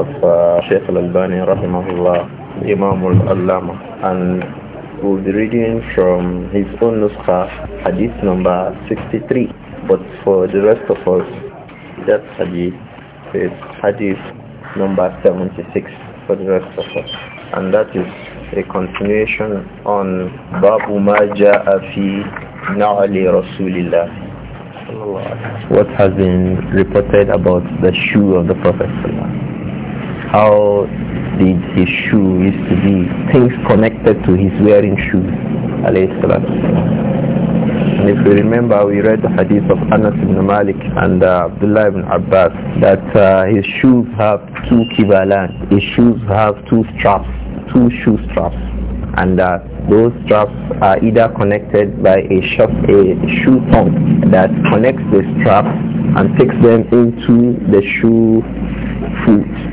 of uh, Sheikh al-Albani rahimahullah, Imam al-Allama. And we'll be reading from his own nuskha, hadith number 63. But for the rest of us, that hadith is hadith number 76 for the rest of us. And that is a continuation on Babu Maja Afi Na'ali Rasulillah what has been reported about the shoe of the Prophet how did his shoe used to be, things connected to his wearing shoes, And if we remember, we read the hadith of Anas ibn Malik and uh, Abdullah ibn Abbas that uh, his shoes have two kibalan, his shoes have two straps, two shoe straps, and that uh, those straps are either connected by a, shop, a shoe pump that connects the straps and takes them into the shoe foot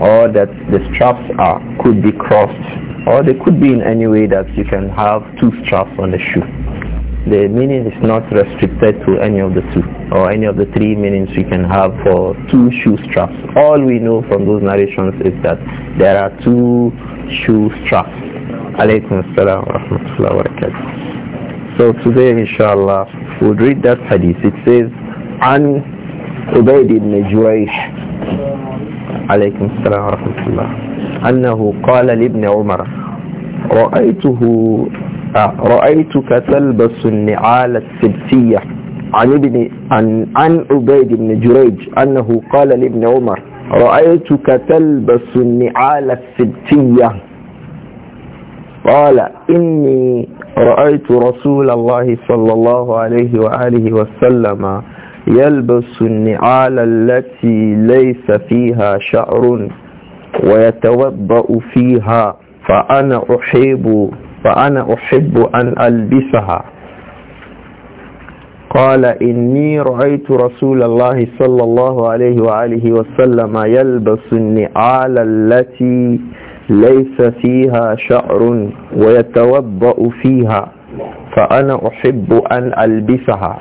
or that the straps are could be crossed or they could be in any way that you can have two straps on the shoe. The meaning is not restricted to any of the two or any of the three meanings you can have for two shoe straps. All we know from those narrations is that there are two shoe straps. Alaykum wa rahmatullahi wa barakatuh. So today inshallah we'll read that hadith. It says, An عبيد بن جويح عليكم السلام ورحمة الله أنه قال لابن عمر رأيته آه، رأيتك تلبس النعال السبتية عن ابن عن, عن عبيد بن جريج أنه قال لابن عمر رأيتك تلبس النعال السبتية قال إني رأيت رسول الله صلى الله عليه وآله وسلم يلبس النعال التي ليس فيها شعر ويتوضأ فيها فأنا أحب فأنا أحب أن ألبسها قال إني رأيت رسول الله صلى الله عليه وآله وسلم يلبس النعال التي ليس فيها شعر ويتوضأ فيها فأنا أحب أن ألبسها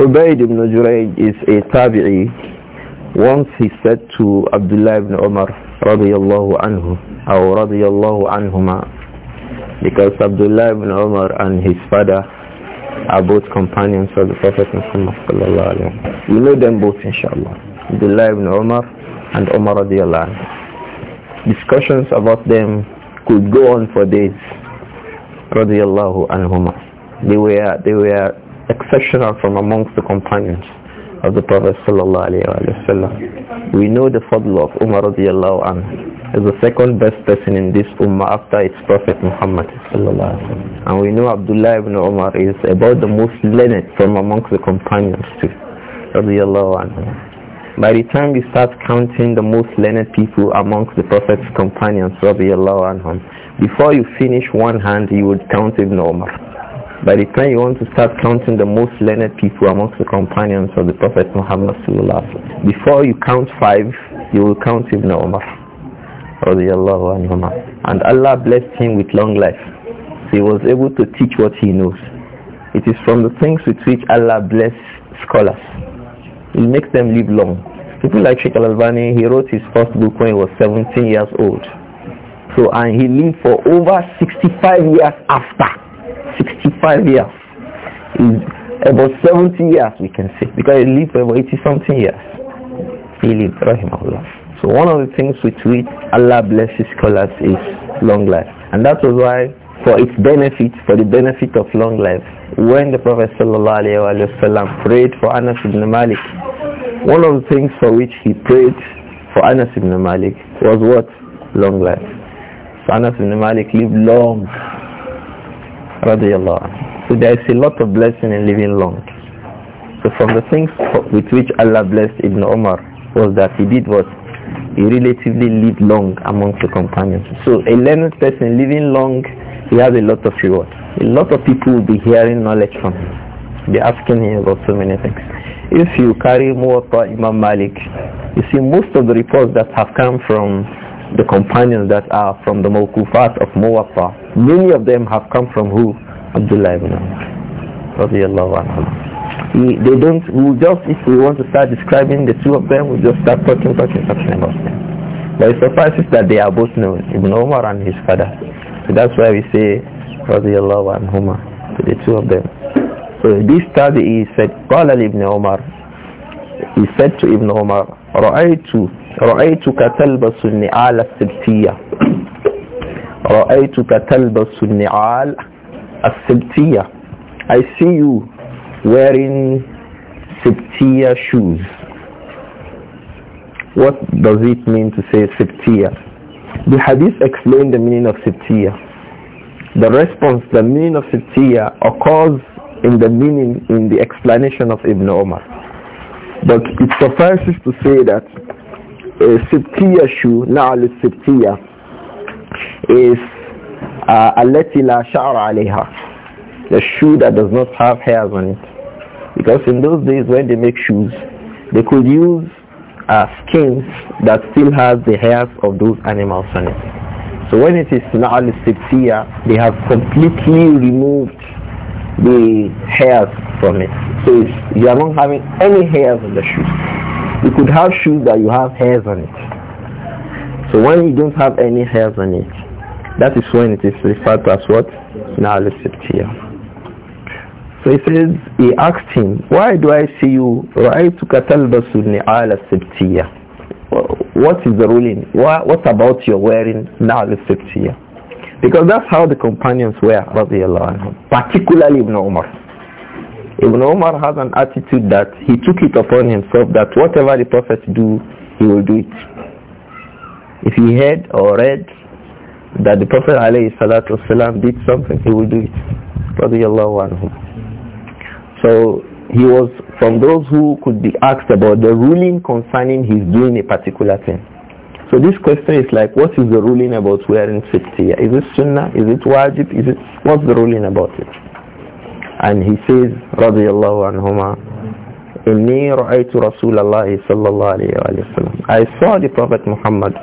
Ubaid ibn Jurayj is a tabi'i. Once he said to Abdullah ibn Umar radiyallahu anhu or radiyallahu anhuma because Abdullah ibn Umar and his father are both companions of the Prophet Muhammad sallallahu alayhi wa sallam. We know them both inshallah. Abdullah ibn Umar and Umar radiyallahu anhu. Discussions about them could go on for days radiyallahu anhuma. They were, they were exceptional from amongst the companions of the Prophet We know the fadl of Umar radiallahu anhu is the second best person in this ummah after its Prophet Muhammad And we know Abdullah ibn Umar is about the most learned from amongst the companions too radiallahu anhu. By the time you start counting the most learned people amongst the Prophet's companions radiallahu anhum, before you finish one hand you would count Ibn Umar by the time you want to start counting the most learned people amongst the companions of the Prophet Muhammad sallallahu before you count five, you will count Ibn Umar radiallahu And Allah blessed him with long life. So he was able to teach what he knows. It is from the things with which Allah bless scholars. He makes them live long. People like Sheikh Al-Albani, he wrote his first book when he was 17 years old. So, and he lived for over 65 years after. 65 years. He's about 70 years we can say because he lived about 80 something years. He lived, rahimahullah. So one of the things with which Allah blesses scholars is long life. And that was why for its benefit, for the benefit of long life, when the Prophet ﷺ prayed for Anas ibn Malik, one of the things for which he prayed for Anas ibn Malik was what? Long life. So Anas ibn Malik lived long so there is a lot of blessing in living long. So from the things with which Allah blessed Ibn Omar was that he did what? He relatively lived long amongst the companions. So a learned person living long, he has a lot of reward. A lot of people will be hearing knowledge from him. They're asking him about so many things. If you carry Muwatta Imam Malik, you see most of the reports that have come from the companions that are from the Mawqufat of Muwatta, many of them have come from who? Abdullah ibn Umar. they don't, we just, if we want to start describing the two of them, we just start talking, talking, talking about them. But it suffices that they are both known, Ibn Umar and his father. So that's why we say, radiallahu anhuma, to the two of them. So this study is said, قال Ibn Umar, he said to Ibn Umar, رأيت رأيتك تلبس النعال السبتية رأيتك تلبس النعال السبتية I see you wearing سبتية shoes What does it mean to say سبتية? The hadith explained the meaning of سبتية The response, the meaning of سبتية occurs in the meaning, in the explanation of Ibn Omar but it suffices to say that a uh, sibtiya shoe, na'al sibtiya, is uh, alati la sha'ra alayha. The shoe that does not have hairs on it. Because in those days when they make shoes, they could use uh, skins that still has the hairs of those animals on it. So when it is na'al sibtiya, they have completely removed the hairs from it. So you are not having any hairs on the shoes. You could have shoes that you have hairs on it. So when you don't have any hairs on it, that is when it is referred to as what? Nalisiptia. So he says, he asked him, why do I see you? رَأَيْتُكَ تَلْبَسُ النِّعَالَ السِّبْتِيَّةِ What is the ruling? What about your wearing نَعْلَ السِّبْتِيَّةِ because that's how the companions were, particularly Ibn Umar. Ibn Umar has an attitude that he took it upon himself that whatever the Prophet do, he will do it. If he heard or read that the Prophet والسلام, did something, he will do it. So he was from those who could be asked about the ruling concerning his doing a particular thing. So this question is like, what is the ruling about wearing sittiyah? Is it sunnah? Is it wajib? Is it, what's the ruling about it? And he says, رضي الله عنهما, إني رأيت رسول الله صلى الله عليه وسلم. I saw the Prophet Muhammad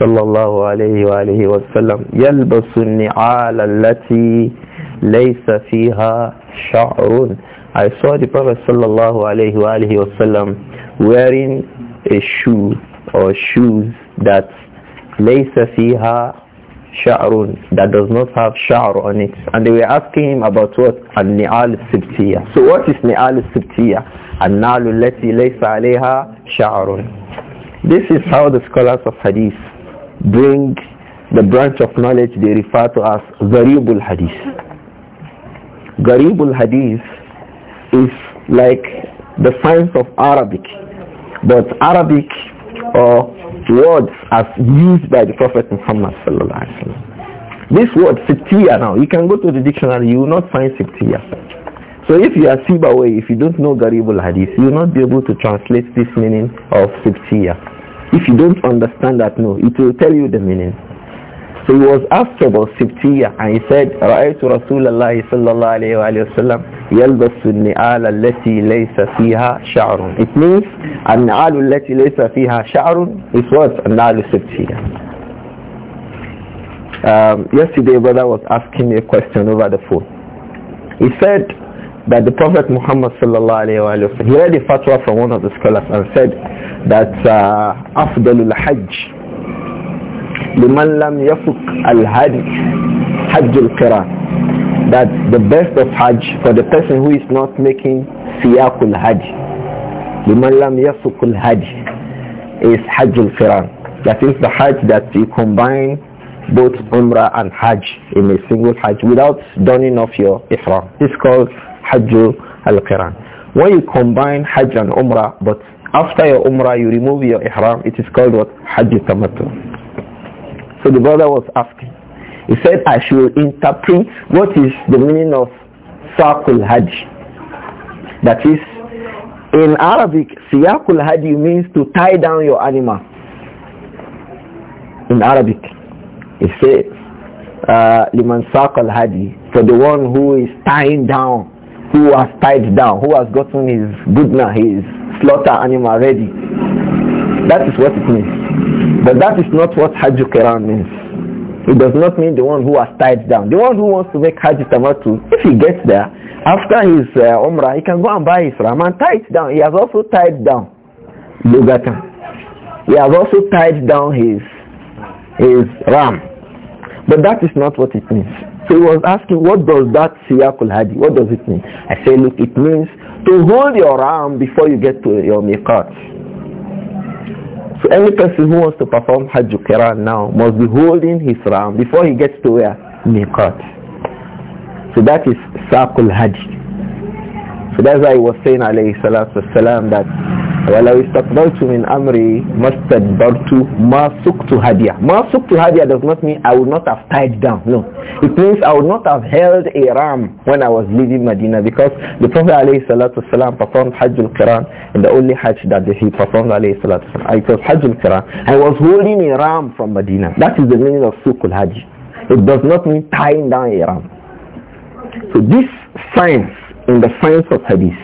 صلى الله عليه وآله وسلم يلبس النعال التي ليس فيها شعر. I saw the Prophet صلى الله عليه وآله وسلم wearing a shoe or shoes that لَيْسَ فِيهَا شَعْرٌ that does not have sha'r on it. And they were asking him about what? النِعَالُ السِّبْتِيَّة So what al نِعَالُ السِّبْتِيَّة? النَّعْلُ الَّتِي لَيْسَ عَلَيْهَا شَعْرٌ This is how the scholars of hadith bring the branch of knowledge they refer to as Gharibul Hadith. Gharibul Hadith is like the science of Arabic, but Arabic or words as used by the Prophet Muhammad This word siptiya now, you can go to the dictionary, you will not find siptiya. So if you are Sibaway, if you don't know Garibul Hadith, you will not be able to translate this meaning of siptiya. If you don't understand that, no, it will tell you the meaning. So he was asked about Sibtiya and he said, رأيت رسول الله صلى الله عليه وآله وسلم يلبس النعال التي ليس فيها شعر. It means النعال التي ليس فيها شعر is what? النعال السبتية. Um, yesterday brother was asking me a question over the phone. He said that the Prophet Muhammad صلى الله عليه وآله وسلم he read a fatwa from one of the scholars and said that uh, أفضل الحج yafuk al-haj, يفك hajj al القران that the best of hajj for the person who is not making سياق الحج لمن yafuk al hajj is al-qiran. القران that is the hajj that you combine both umrah and hajj in a single hajj without donning off your ihram it's called hajj al-qiran when you combine hajj and umrah but after your umrah you remove your ihram it is called what hajj tamattu so the brother was asking. He said, I should interpret what is the meaning of Saqul Hajj. That is, in Arabic, Siyakul Hajj means to tie down your animal. In Arabic, it says, uh, Liman Saqal Hadi, for the one who is tying down, who has tied down, who has gotten his budna, his slaughter animal ready. That is what it means. But that is not what Hajj means. It does not mean the one who has tied down. The one who wants to make Hajj Tamatu, if he gets there, after his uh, Umrah, he can go and buy his Ram and tie it down. He has also tied down Lugatan. He has also tied down his, his Ram. But that is not what it means. So he was asking, what does that siyakul hadi, what does it mean? I say, look, it means to hold your arm before you get to your miqat. So any person who wants to perform Hajj Qiran now must be holding his ram before he gets to where? Miqat. So that is Saqul Hajj. So that's why he was saying alayhi salatu that ولو استقبلت من أمري ما استدبرت ما سكت هديا ما سكت هديا does not mean I would not have tied down no it means I would not have held a ram when I was leaving Medina because the Prophet عليه الصلاة والسلام performed Hajj al-Quran and the only Hajj that he performed عليه الصلاة والسلام it was Hajj al-Quran I was holding a ram from Medina that is the meaning of sukul hajj it does not mean tying down a ram so this science in the science of hadith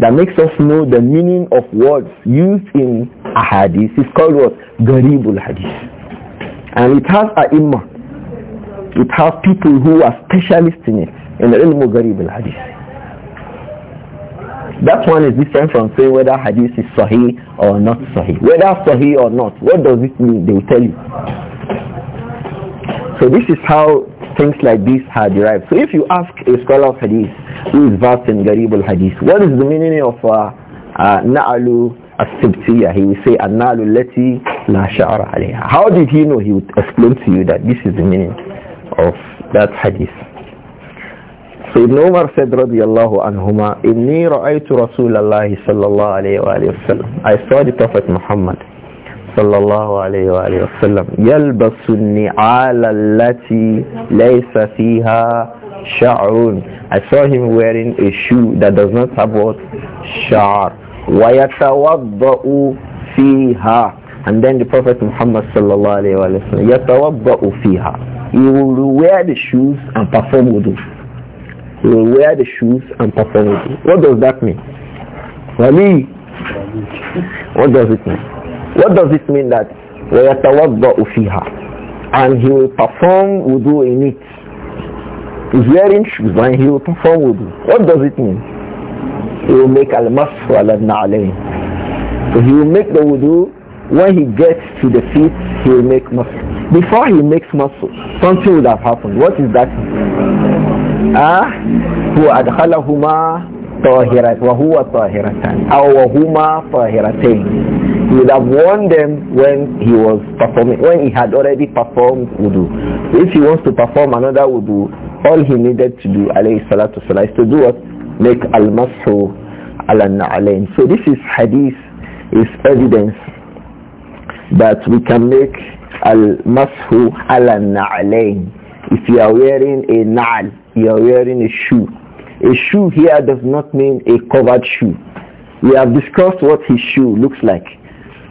that makes us know the meaning of words used in a hadith is called what? Garibul hadith. And it has a imma. It has people who are specialists in it, in the ilm Garibul hadith. That one is different from saying whether hadith is sahih or not sahih. Whether sahih or not, what does it mean? They will tell you. So this is how things like this are derived. So if you ask a scholar of hadith, who is versed in Garib al-Hadith. What is the meaning of uh, uh, Na'alu as-Sibtiyah? He will say, naalu lati la sha'ara alayha. How did he know? He would explain to you that this is the meaning of that hadith. Ibn عمر said رضي الله عنهما إني رأيت رسول الله صلى الله عليه وآله وسلم I saw the Prophet Muhammad صلى الله عليه sallam. وسلم يلبس النعال التي ليس فيها sha'run. I saw him wearing a shoe that does not have what? Sha'r. وَيَتَوَضَّأُ فِيهَا And then the Prophet Muhammad sallallahu alayhi wa sallam, يَتَوَضَّأُ فِيهَا He will wear the shoes and perform wudu. He will wear the shoes and perform wudu. What does that mean? Wali. What does it mean? What does it mean that وَيَتَوَضَّأُ فِيهَا And he will perform wudu in it. Is wearing shoes and he will perform wudu. What does it mean? He will make al-masfu al-na'alayn. So he will make the wudu. When he gets to the feet, he will make masfu. Before he makes masfu, something would have happened. What is that? Ah, who adkhalahuma طاهرة وهو طاهرتان أو huma طاهرتين He would have warned them when he was performing, when he had already performed wudu. If he wants to perform another wudu, all he needed to do, alayhi salatu salam, is to do what? Make al-mashu ala-na'alayn. So this is hadith, is evidence that we can make al-mashu ala-na'alayn. If you are wearing a na'al, you are wearing a shoe. A shoe here does not mean a covered shoe. We have discussed what his shoe looks like.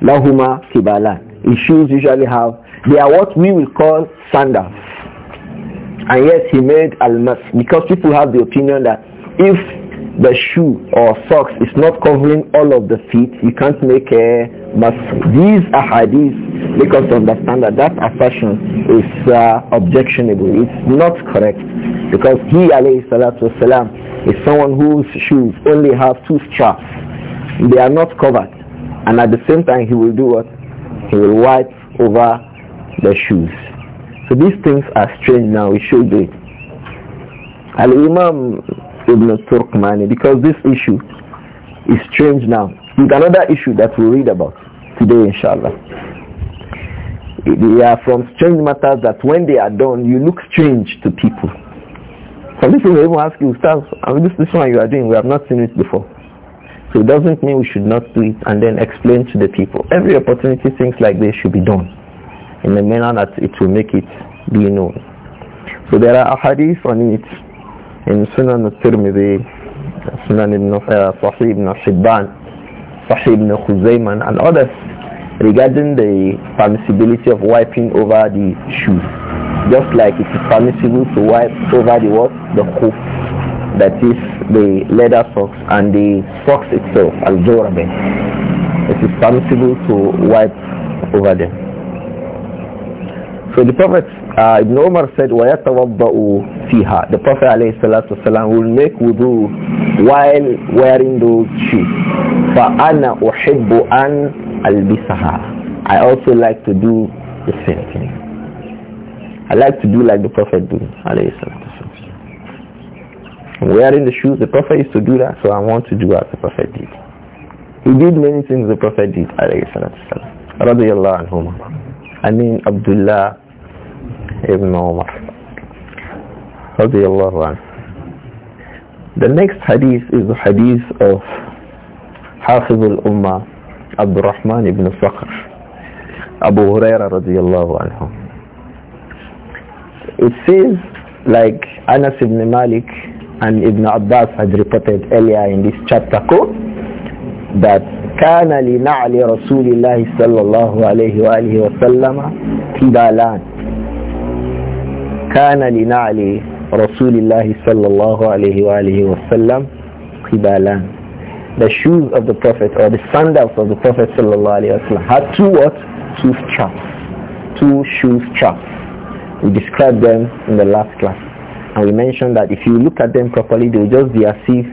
Lahuma kibala. His shoes usually have, they are what we will call sandals. And yet he made al-mas because people have the opinion that if the shoe or socks is not covering all of the feet, you can't make a mas. These ahadith because us understand that that assertion is uh, objectionable. It's not correct because he, alayhi salatu wasalam, is someone whose shoes only have two straps. They are not covered. And at the same time, he will do what? He will wipe over the shoes. So these things are strange now, we should do it. Al-Imam Ibn Turkmani, because this issue is strange now. It's another issue that we'll read about today, inshallah. They are from strange matters that when they are done, you look strange to people. Some people will even ask you, Ustaz, I mean, this, this one you are doing, we have not seen it before. So it doesn't mean we should not do it and then explain to the people. Every opportunity, things like this should be done in a manner that it will make it be known. So there are hadith on it in Sunan al-Tirmidhi, Sunan ibn uh, Sahih ibn Shibban, Sahih ibn Khuzayman and others regarding the permissibility of wiping over the shoes. Just like it is permissible to wipe over the what? The hoof. That is the leather socks and the socks itself, al-Jorabe. It is permissible to wipe over them. So the Prophet uh, Ibn Umar said, وَيَتَوَضَّأُ فِيهَا The Prophet والسلام, will make wudu while wearing those shoes. فَأَنَا أُحِبُّ أَنْ أَلْبِسَهَا I also like to do the same thing. I like to do like the Prophet do. Wearing the shoes, the Prophet used to do that, so I want to do as the Prophet did. He did many things the Prophet did, alayhi salatu I mean, Abdullah ابن عمر رضي الله عنه The next hadith is the hadith of حافظ الأمة عبد الرحمن بن صخر أبو هريرة رضي الله عنه It says like Anas ibn Malik and Ibn Abbas had reported earlier in this chapter quote that كان لنعل رسول الله صلى الله عليه وآله وسلم تبالان كان رسول الله صلى الله عليه وآله وسلم the shoes of the Prophet or the sandals of the Prophet وسلم, had two what? Two straps. Two shoe straps. We described them in the last class. And we mentioned that if you look at them properly, they will just be as if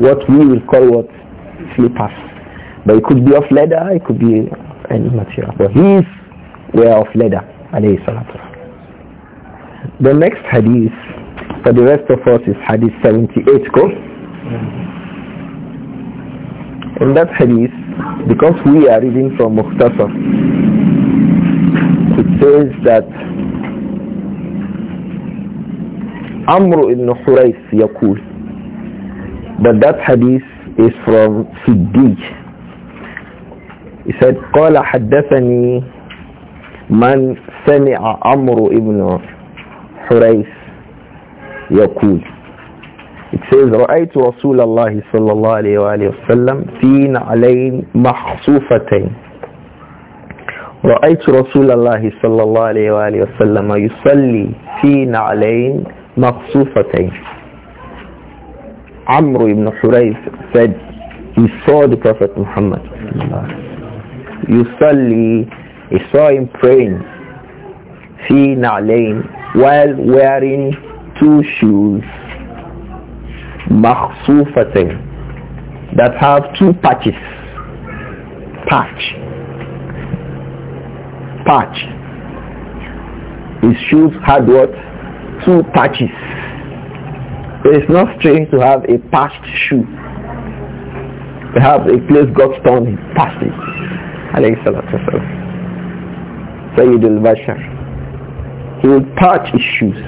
what we will call what? Slippers. But it could be of leather, it could be any material. But his were of leather, alayhi salatu the next hadith for the rest of us is hadith 78 go. In that hadith, because we are reading from Muqtasar, it says that Amr ibn Hurayth Yaqul but that hadith is from Siddiq he said قال حدثني من سمع عمرو ابن حريث يقول It says رأيت رسول الله صلى الله عليه وآله وسلم في نعلين محصوفتين رأيت رسول الله صلى الله عليه وآله وسلم يصلي في نعلين مخصوفتين عمرو ibn حريث said he saw the Prophet Muhammad يصلي he saw him praying في نعلين while wearing two shoes makhsufatin that have two patches patch patch his shoes had what two patches it's not strange to have a patched shoe perhaps a place got torn he patched it alayhi salatu wasalam sayyid al-bashar he would patch his shoes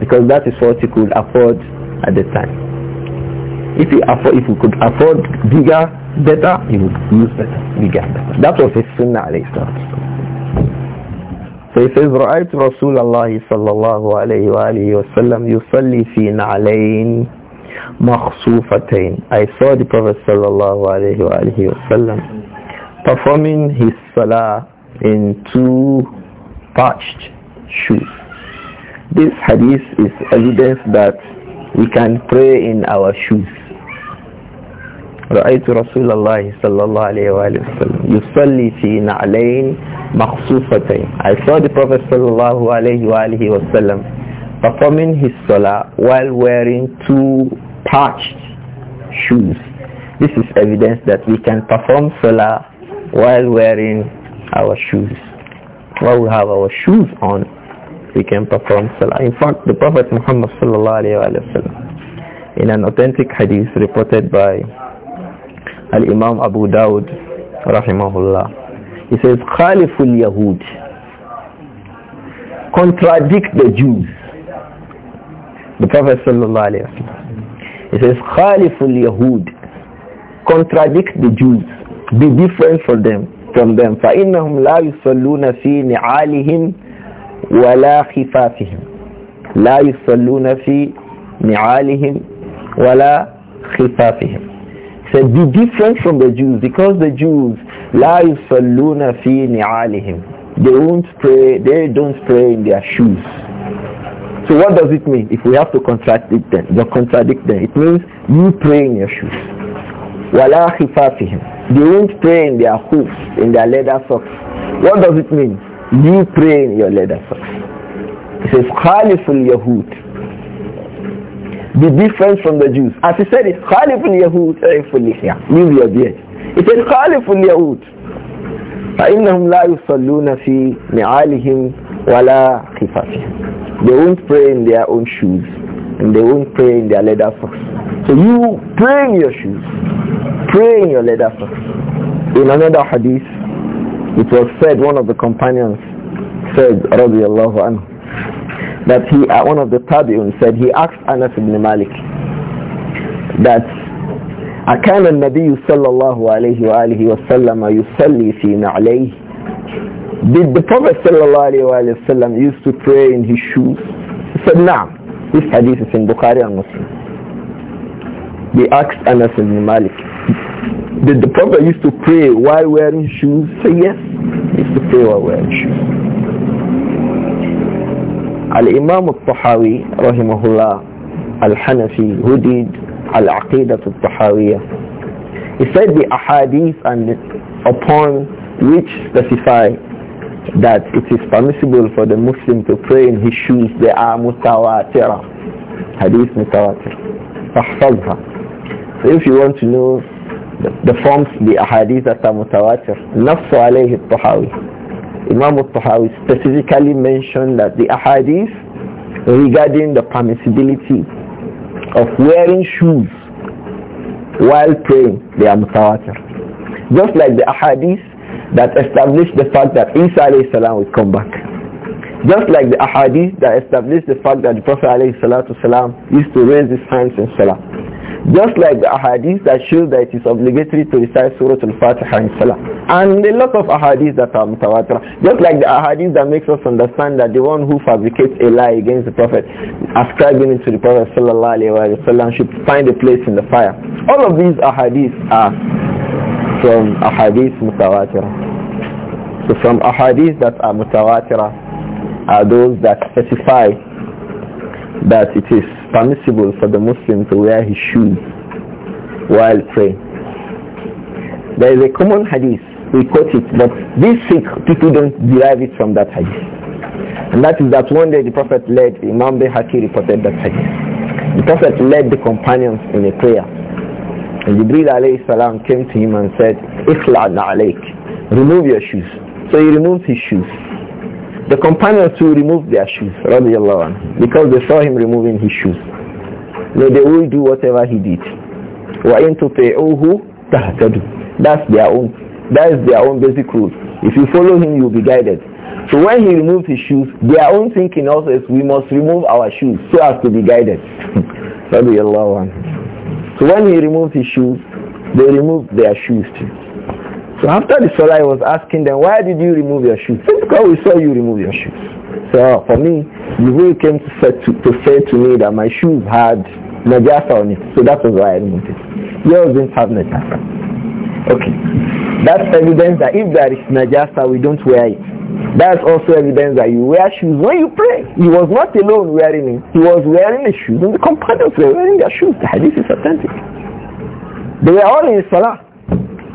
because that is what he could afford at the time. If he, afford, if he could afford bigger, better, he would use better, bigger, better. That was his sunnah, alayhi So he says, رأيت رسول الله صلى الله عليه وآله وسلم يصلي في نعلين مخصوفتين. I saw the Prophet صلى الله عليه وآله وسلم performing his salah in two patched shoes. This hadith is evidence that we can pray in our shoes. رأيت رسول الله صلى الله عليه وآله وسلم يصلي في نعلين I saw the Prophet صلى الله عليه وآله وسلم performing his salah while wearing two patched shoes. This is evidence that we can perform salah while wearing our shoes. While we have our shoes on, we can perform salah. In fact, the Prophet Muhammad sallallahu alayhi wa in an authentic hadith reported by Al-Imam Abu Dawud rahimahullah, he says, Khaliful Yahud, contradict the Jews. The Prophet sallallahu alayhi wa sallam, he says, Khaliful Yahud, contradict the Jews, be different from them, from them. فَإِنَّهُمْ لَا يُصَلُّونَ فِي نِعَالِهِمْ ولا خفافهم لا يصلون في نعالهم ولا خفافهم So be different from the Jews because the Jews لا يصلون في نعالهم They won't pray, they don't pray in their shoes. So what does it mean if we have to contradict them? The contradict them. It means you pray in your shoes. ولا خفافهم They won't pray in their hoofs, in their leather socks. What does it mean? You pray in your leather socks. It says, Khaliful Yahud. Be different from the Jews. As he said it, Khaliful Yahud, leave your beard. He said Khaliful Yahud. فإنهم لا يصلون في ولا خفافهم. They won't pray in their own shoes and they won't pray in their leather socks. So you pray in your shoes, pray in your leather socks. In another hadith, it was said, one of the companions said, radiallahu anhu, that he, uh, one of the tabi'un said, he asked Anas ibn Malik that أكان النبي صلى الله عليه وآله وسلم يصلي في نعليه Did the Prophet صلى الله عليه وآله وسلم used to pray in his shoes? He said نعم This hadith is in Bukhari and Muslim They asked Anas ibn Malik the Prophet used to pray while wearing shoes? Say yes. He used to pray while wearing shoes. Al-Imam al-Tahawi, rahimahullah, al-Hanafi, who did al-Aqidah al-Tahawiyah, he said the ahadith and upon which specify that it is permissible for the Muslim to pray in his shoes, they are mutawatira. Hadith mutawatir. So if you want to know the, forms, the ahadith that are mutawatir. Nafsu alayhi al tuhawi Imam al tuhawi specifically mentioned that the ahadith regarding the permissibility of wearing shoes while praying, they are mutawatir. Just like the ahadith that established the fact that Isa alayhi salam would come back. Just like the ahadith that established the fact that the Prophet alayhi salatu salam used to raise his hands in salah. Just like the ahadith that show that it is obligatory to recite Surah Al-Fatiha in Salah. And a lot of ahadith that are mutawatir. Just like the ahadith that makes us understand that the one who fabricates a lie against the Prophet, ascribing it to the Prophet Sallallahu Alaihi Wasallam should find a place in the fire. All of these ahadith are from ahadith mutawatir. So from ahadith that are mutawatir are those that specify that it is permissible for the Muslim to wear his shoes while praying. There is a common hadith, we quote it, but these Sikh people don't derive it from that hadith. And that is that one day the Prophet led, Imam Bihaki reported that hadith. The Prophet led the companions in a prayer. And Jibreel alayhi salam came to him and said, Ikhla'na alayk, remove your shoes. So he removed his shoes. The companions will remove their shoes, radiallahu anh, because they saw him removing his shoes. So they will do whatever he did. وَإِن تُطِعُوهُ تَهْتَدُوا That's their own, that is their own basic rule. If you follow him, you'll be guided. So when he removed his shoes, their own thinking also is we must remove our shoes so as to be guided. radiallahu anh. So when he removed his shoes, they removed their shoes too. So after the salah, I was asking them, why did you remove your shoes? Because we saw you remove your shoes. So for me, Jibril came to say to, to, say to me that my shoes had najasa on it. So that was why I removed it. Yours didn't have najasa. Okay. That's evidence that if there is najasa, we don't wear it. That's also evidence that you wear shoes when you pray. He was not alone wearing it. He was wearing the shoes and the companions were wearing their shoes. The hadith is authentic. They were all in salah.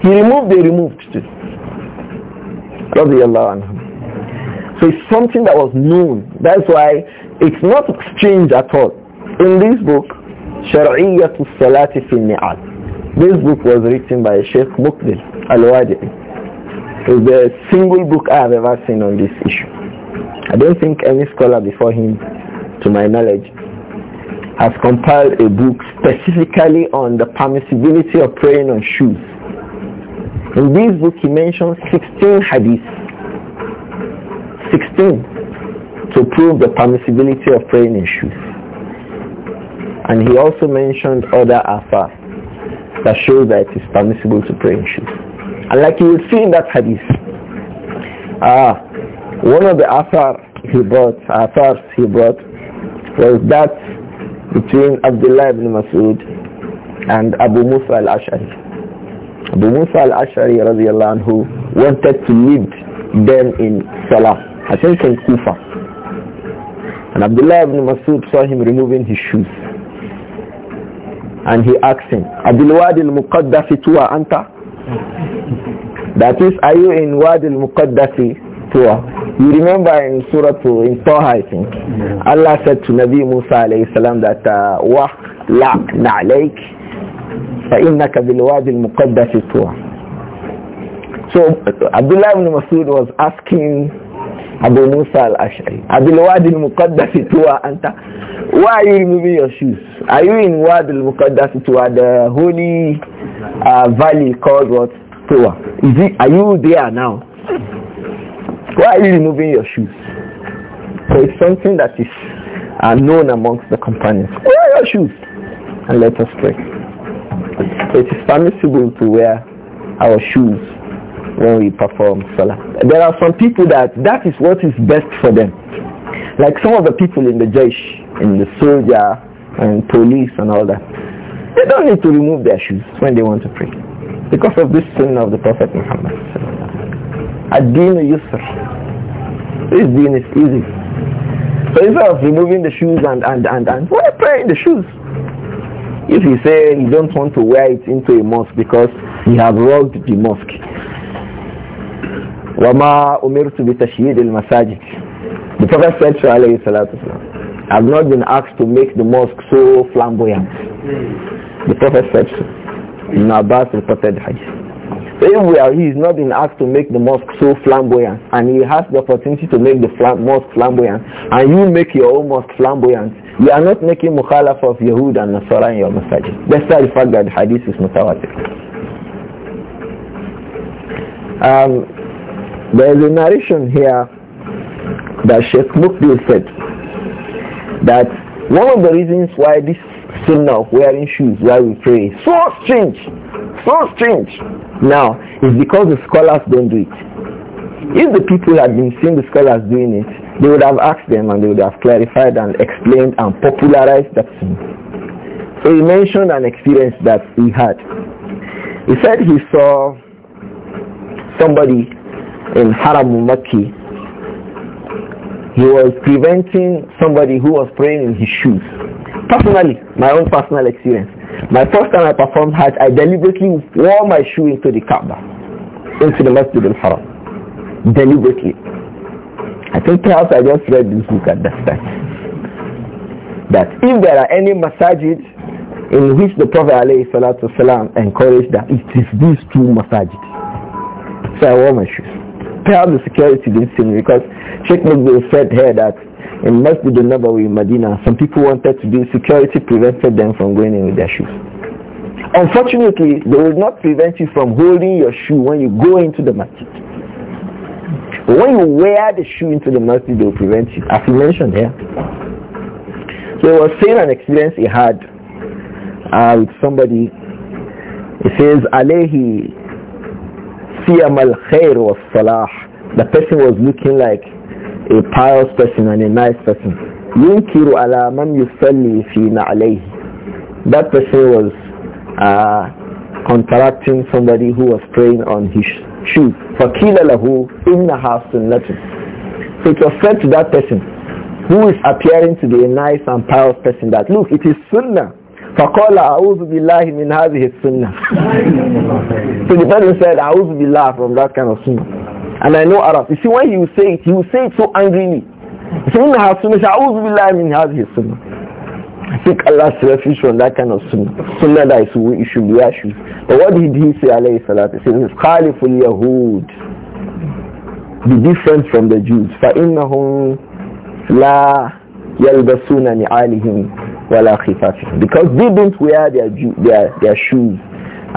He removed, they removed too. So it's something that was known. That's why it's not strange at all. In this book, شرعية الصلاة Fi Nial, This book was written by Sheikh Mukbil al wadi It's the single book I have ever seen on this issue. I don't think any scholar before him, to my knowledge, has compiled a book specifically on the permissibility of praying on shoes. In this book he mentions 16 hadiths. 16 to prove the permissibility of praying in shoes. And he also mentioned other afar that shows that it is permissible to pray in shoes. And like you will see in that hadith, ah, one of the afar he brought, afars he brought, was that between Abdullah ibn Mas'ud and Abu Musa al-Ash'ari. Abu Musa al-Ash'ari radiallahu anhu wanted to lead them in Salah, I think in Kufa. And Abdullah ibn Masud saw him removing his shoes. And he asked him, Abdul Wadi al-Muqaddasi tuwa anta? That is, are you in Wadi al-Muqaddasi tuwa? You remember in Surah in Taha, I think, Allah said to Nabi Musa alayhi salam that, uh, وَحْ لَعْنَ فإنك بالوادي المقدس طوى so Abdullah ibn Masud was asking Abu Musa al-Ash'ari, Abdul Wadi al-Muqaddas Anta, why are you removing your shoes? Are you in Wadi al-Muqaddas Tuwa, the holy uh, valley called what? Tuwa. Is it, are you there now? Why are you removing your shoes? So it's something that is uh, known amongst the companions. Where are your shoes? And let us pray it is permissible to wear our shoes when we perform salah. There are some people that that is what is best for them. Like some of the people in the Jesh, in the soldier and police and all that. They don't need to remove their shoes when they want to pray. Because of this sin of the Prophet Muhammad. Ad-Din Yusr. This deen is easy. So instead of removing the shoes and, and, and, and, why pray in the shoes? If you say you don't want to wear it into a mosque because you have robbed the mosque. وَمَا أُمِرْتُ بِتَشْيِيدِ الْمَسَاجِدِ The Prophet said to alayhi salatu I've not been asked to make the mosque so flamboyant. The Prophet said so. Ibn Abbas reported the hadith. Everywhere he is not being asked to make the mosque so flamboyant and he has the opportunity to make the flam mosque flamboyant and you make your own mosque flamboyant, you are not making mukhalaf of Yahud and Nasara in your masajid. Despite the fact that the hadith is mutawatir. Um, there is a narration here that Sheikh Mukbil said that one of the reasons why this sunnah of wearing shoes while we pray is so strange, so strange now it's because the scholars don't do it. If the people had been seeing the scholars doing it, they would have asked them and they would have clarified and explained and popularized that thing. So he mentioned an experience that he had. He said he saw somebody in Haram Makki. He was preventing somebody who was praying in his shoes. Personally, my own personal experience. My first time I performed Hajj, I deliberately wore my shoe into the Kaaba, into the Masjid al-Haram, deliberately. I think perhaps I just read this book at that time. That if there are any masajid in which the Prophet ﷺ encouraged that it is these two masajid. So I wore my shoes. Perhaps the security didn't see me because Sheikh Mugbil said here that in Masjid al-Nabawi in Medina, some people wanted to do security prevented them from going in with their shoes. Unfortunately, they will not prevent you from holding your shoe when you go into the masjid. But when you wear the shoe into the masjid, they will prevent you, as you mentioned here. So I was saying an experience he had uh, with somebody. He says, Alehi siyam al khair was salah. The person was looking like a pious person and a nice person. Yunkiru ala man yusalli fi na'alayhi. That person was uh, contracting somebody who was praying on his shoe. فَقِيلَ لَهُ إِنَّهَا سُنَّةٌ So it was said to that person who is appearing to be a nice and pious person that, look, it is sunnah. فقال أعوذ بالله من هذه السنة. so the person said, أعوذ بالله from that kind of sunnah. And I know Arab. You see, when he will say it, he will say it so angrily. He say, إِنَّهَا سُنَّةً أَعُوذُ بِاللَّهِ مِنْ هَذِهِ السُنَّةِ Seek Allah's refuge from that kind of sunnah. Sunnah that is, you should be ashamed. But what did he say, alayhi salatu? He said, Khaliful الْيَهُودِ be different from the Jews. فَإِنَّهُمْ لَا يَلْبَسُونَ نِعَالِهِمْ وَلَا خِفَافِهِمْ Because they don't wear their, their, their shoes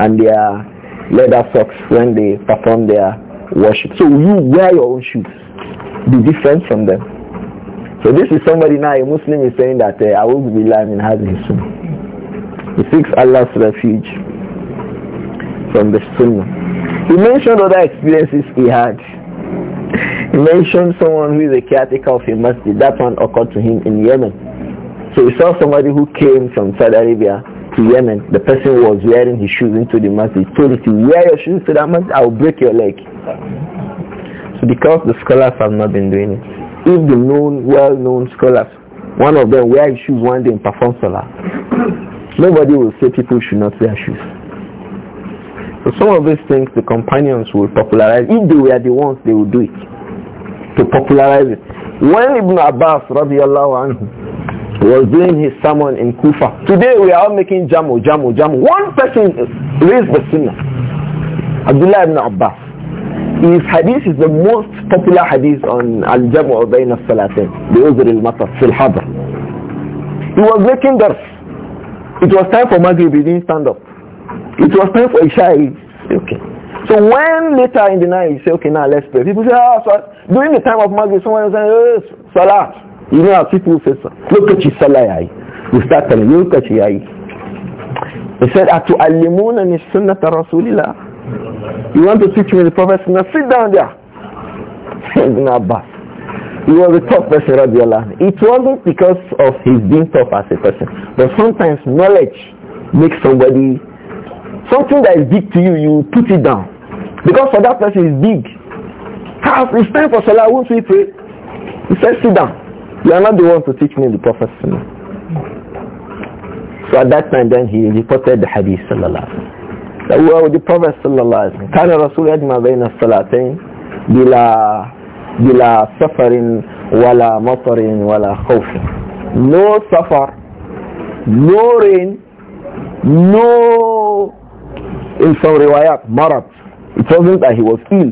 and their leather socks when they perform their worship. So you wear your own shoes. Be different from them. So this is somebody now, a Muslim is saying that I will be lying in having sunnah. He seeks Allah's refuge from the sunnah. He mentioned other experiences he had. He mentioned someone who is a caretaker of a masjid. That one occurred to him in Yemen. So he saw somebody who came from Saudi Arabia to Yemen, the person was wearing his shoes into the masjid, told him to wear your shoes to that masjid, I will break your leg. So because the scholars have not been doing it, if the known, well-known scholars, one of them wear his shoes one day and perform salah, nobody will say people should not wear shoes. So some of these things the companions will popularize. If they were the ones, they would do it to popularize it. When Ibn Abbas, radiallahu anhu, was doing his sermon in Kufa. Today we are all making jamu, jamu, jamu. One person raised the sunnah. Abdullah ibn Abbas. His hadith is the most popular hadith on al-jamu bayn al-salatin. The uzr al-matas fil hadr. He was making dars. It was time for Maghrib, he didn't stand up. It was time for Isha, okay. So when later in the night he said, okay, now let's pray. People say, ah, so during the time of Maghrib, someone was saying, oh, eh, Salah you know as people say Look lokaci sallah yayi we start telling lokaci yayi he said atu'allimuna ni sunnata rasulillah you want to teach me the prophet now sit down there Ibn Abbas he was a tough person radiallahu it wasn't because of his being tough as a person but sometimes knowledge makes somebody something that is big to you you put it down because for that person is big half it's time for salah won't we pray he said sit down you are not the one to teach me the Prophet. So at that time then he reported the hadith sallallahu alayhi the Prophet sallallahu alayhi wa sallam bila bila suffering wala matarin wala khawf no suffer no rain no in some riwayat marat it wasn't that he was ill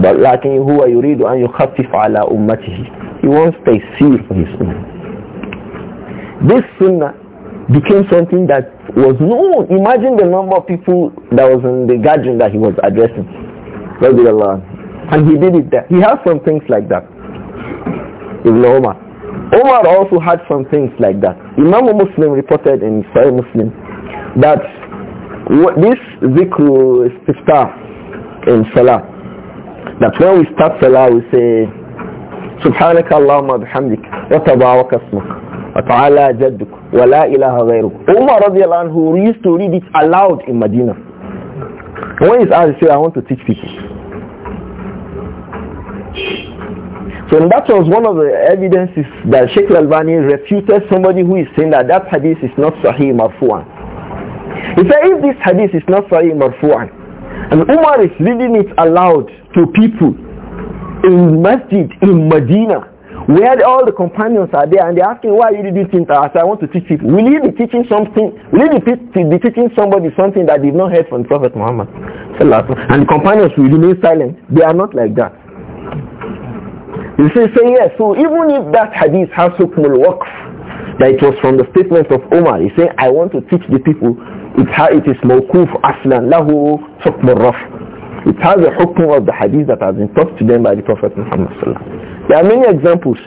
but Who are you lakin huwa yuridu an yukhaffif ala ummatihi he wants taysir for his ummah. This sunnah became something that was known. Imagine the number of people that was in the gathering that he was addressing. And he did it there. He had some things like that. Ibn Omar. Omar also had some things like that. Imam Muslim reported in Sahih Muslim that this zikr istiftah in Salah, that when we start Salah we say سبحانك اللهم وبحمدك وتبارك اسمك وتعالى جدك ولا إله غيرك Umar رضي الله عنه used to read it aloud in Medina when he's asked he said I want to teach people so that was one of the evidences that Sheikh refuted somebody who is saying that that hadith is not Sahih Marfu'an he said if this hadith is not Sahih Marfu'an and Umar is reading it aloud to people in masjid in Medina where all the companions are there and they're asking why you did this thing I said I want to teach people will you be teaching something will you be, teaching somebody something that they've not heard from Prophet Muhammad and the companions will remain silent they are not like that you say, say yes so even if that hadith has hukmul waqf that it was from the statement of Omar he said I want to teach the people it, it is mawkuf aslan lahu hukmul it has a hukum of the hadith that has been taught to them by the Prophet Muhammad There are many examples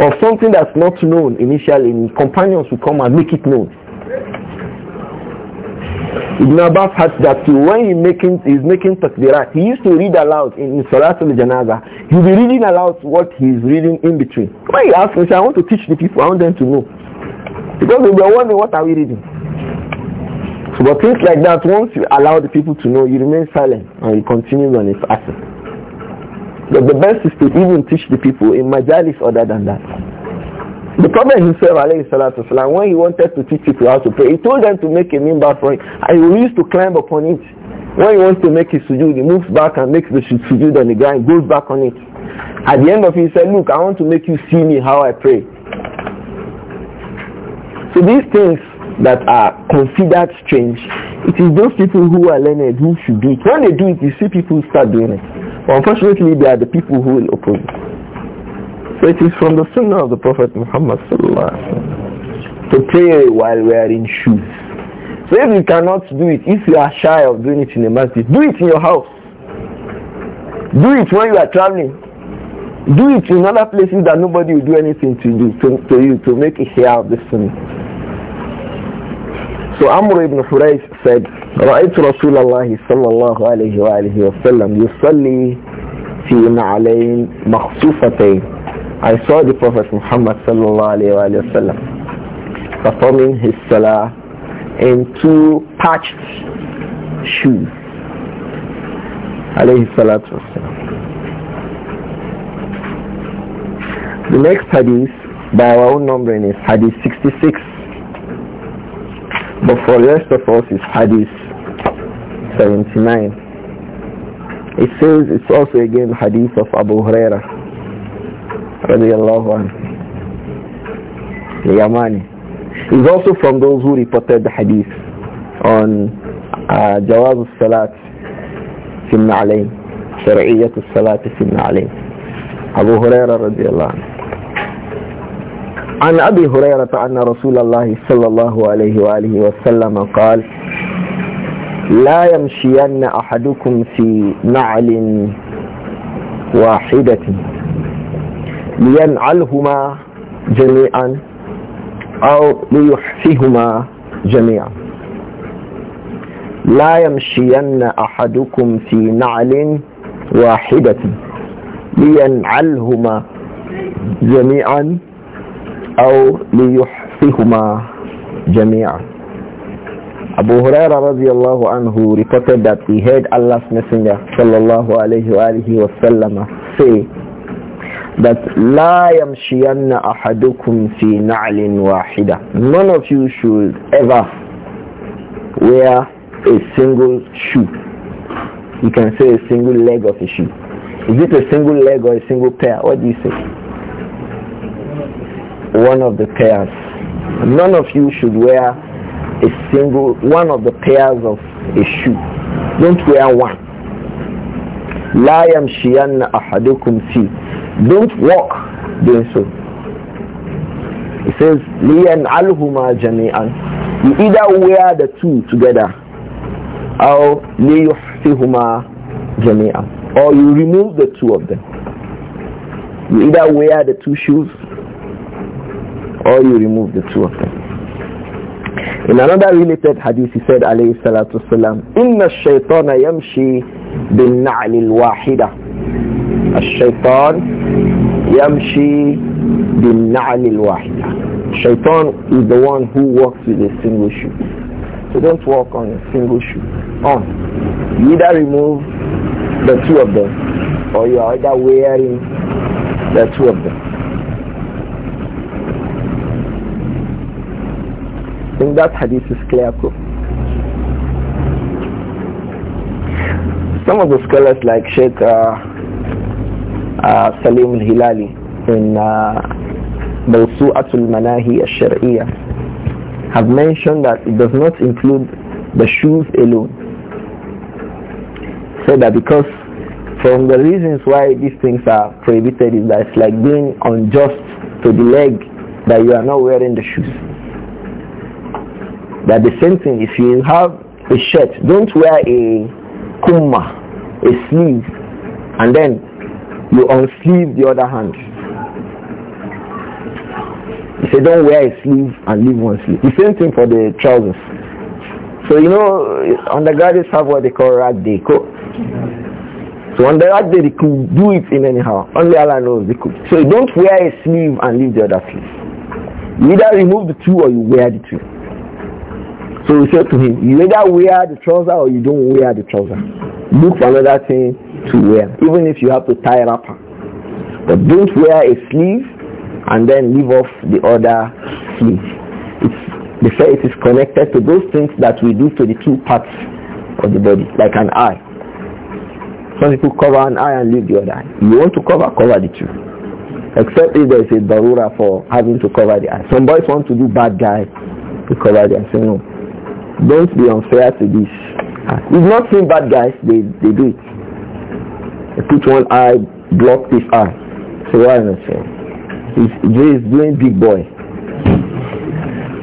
of something that's not known initially and companions will come and make it known. Ibn Abbas had that when he making, he's making takbirat, he used to read aloud in, in Salat al-Janaza. He'll be reading aloud what he's reading in between. When he asked me, I want to teach the people, I want them to know. Because they'll wondering, what are we reading? So, but things like that, once you allow the people to know, you remain silent and you continue on its action. But the best is to even teach the people in majalis other than that. The Prophet himself, alayhi salatu wasalam, when he wanted to teach people how to pray, he told them to make a mimbar for him, and he used to climb upon it. When he wants to make his sujood, he moves back and makes the sujood on the ground, goes back on it. At the end of it, he said, look, I want to make you see me how I pray. So these things that are considered strange, it is those people who are learned who should do it. When they do it, you see people start doing it. But unfortunately, they are the people who will oppose it. So it is from the sunnah of the Prophet Muhammad to pray while wearing shoes. So if you cannot do it, if you are shy of doing it in a masjid, do it in your house. Do it when you are traveling. Do it in other places that nobody will do anything to you to, to you to make a share of the sunnah. So Amr ibn Hurayj said, رأيت رسول الله صلى الله عليه وآله وسلم يصلي في نعلين مخصوفتين. I saw the Prophet Muhammad صلى الله عليه وآله وسلم performing his salah in two patched shoes. عليه الصلاة والسلام. The next hadith by our own numbering is hadith 66. But for the rest of us, it's Hadith 79. It says it's also again Hadith of Abu Huraira radiallahu anhu. Yamani. He's also from those who reported the Hadith on uh, Jawaz al-Salat fi al-Na'alayn. al-Salat, في النعلين Abu Huraira, رضي عن أبي هريرة أن رسول الله صلى الله عليه وآله وسلم قال لا يمشين أحدكم في نعل واحدة لينعلهما جميعا أو ليحفهما جميعا لا يمشين أحدكم في نعل واحدة لينعلهما جميعا أو ليحصهما جميعا Abu Huraira radiyallahu anhu reported that he heard Allah's Messenger sallallahu alayhi wa wasallam say that لا يمشين أحدكم في نعل واحدة None of you should ever wear a single shoe. You can say a single leg of a shoe. Is it a single leg or a single pair? What do you say? one of the pairs. None of you should wear a single, one of the pairs of a shoe. Don't wear one. لا يمشين أحدكم في Don't walk doing so. It says لينعلهما جميعا You either wear the two together أو ليحفهما جميعا Or you remove the two of them. You either wear the two shoes or you remove the two of them. In another related hadith, he said, alayhi salatu wasalam, إِنَّ الشَّيْطَانَ يَمْشِي بِالنَّعْلِ الْوَاحِدَةِ الشيطان يمشي بالنعل الواحدة Shaytan is the one who walks with a single shoe. So don't walk on a single shoe. On. You either remove the two of them or you are either wearing the two of them. think that hadith is clear proof. Some of the scholars like Sheikh uh, uh, Salim al-Hilali in Balsu uh, Manahi al-Shar'iyya have mentioned that it does not include the shoes alone. So that because from the reasons why these things are prohibited is that it's like being unjust to the leg that you are not wearing the shoes. That the same thing, if you have a shirt, don't wear a kumma, a sleeve, and then you unsleeve the other hand. You say don't wear a sleeve and leave one sleeve. The same thing for the trousers. So you know, undergraduates have what they call rag day. So on the rag day, they could do it in anyhow. Only Allah knows they could. So you don't wear a sleeve and leave the other sleeve. You either remove the two or you wear the two. So we said to him, you either wear the trouser or you don't wear the trouser. Look for another thing to wear, even if you have to tie it up. But don't wear a sleeve and then leave off the other sleeve. It's, they say it is connected to those things that we do to the two parts of the body, like an eye. Some people cover an eye and leave the other eye. You want to cover, cover the two. Except if there is a barura for having to cover the eye. Some boys want to do bad guy to cover their eye. Say no don't be unfair to this. It's have not seen bad guys, they, they do it. They put one eye, block this eye. So why not say? He's, he's doing big boy.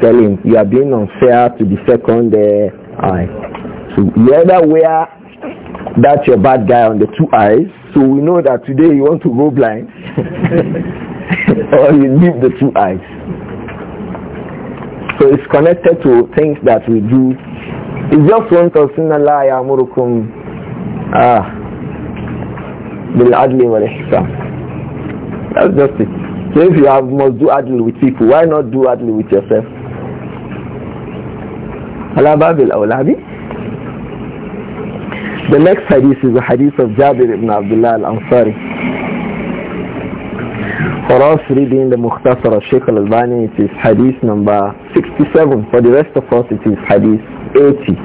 Tell him, you are being unfair to the second uh, eye. So you either wear that your bad guy on the two eyes, so we know that today you want to go blind, or you leave the two eyes. So it's connected to things that we do. It's just one person, Allah ya'murukum ah, bil-adli wal-ihsan. That's just it. So if you have, must do adl with people, why not do adl with yourself? Ala babil awlabi. The next hadith is the hadith of Jabir ibn Abdullah al-Ansari. For us reading the Mukhtasar of Sheikh al-Albani, it is hadith number 67. For the rest of us, it is hadith 80.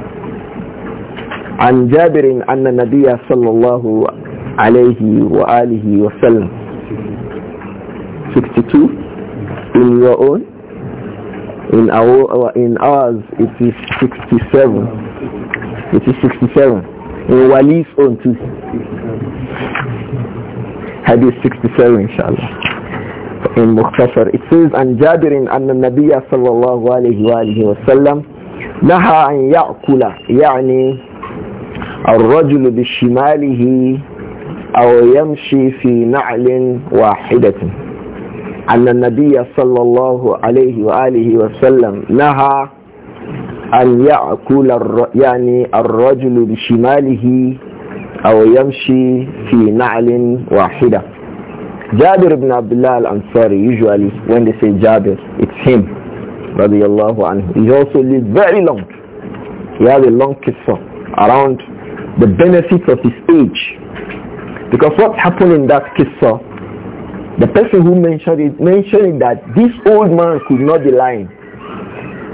عن جابر أن النبي صلى الله عليه وآله وسلم 62 in your own in our in ours it is 67 it is 67 in Wali's own too hadith 67 inshallah in Mukhtasar. It says, "And Jabirin أن النبي صلى الله عليه وآله وسلم نهى أن يأكل يعني الرجل بشماله أو يمشي في نعل واحدة أن النبي صلى الله عليه وآله وسلم نهى أن يأكل يعني الرجل بشماله أو يمشي في نعل واحدة Jabir ibn Abdullah al-Ansari, usually when they say Jabir, it's him, radiyallahu anhu. He also lived very long. He had a long qissa around the benefits of his age. Because what happened in that qissa, the person who mentioned it mentioned that this old man could not be lying.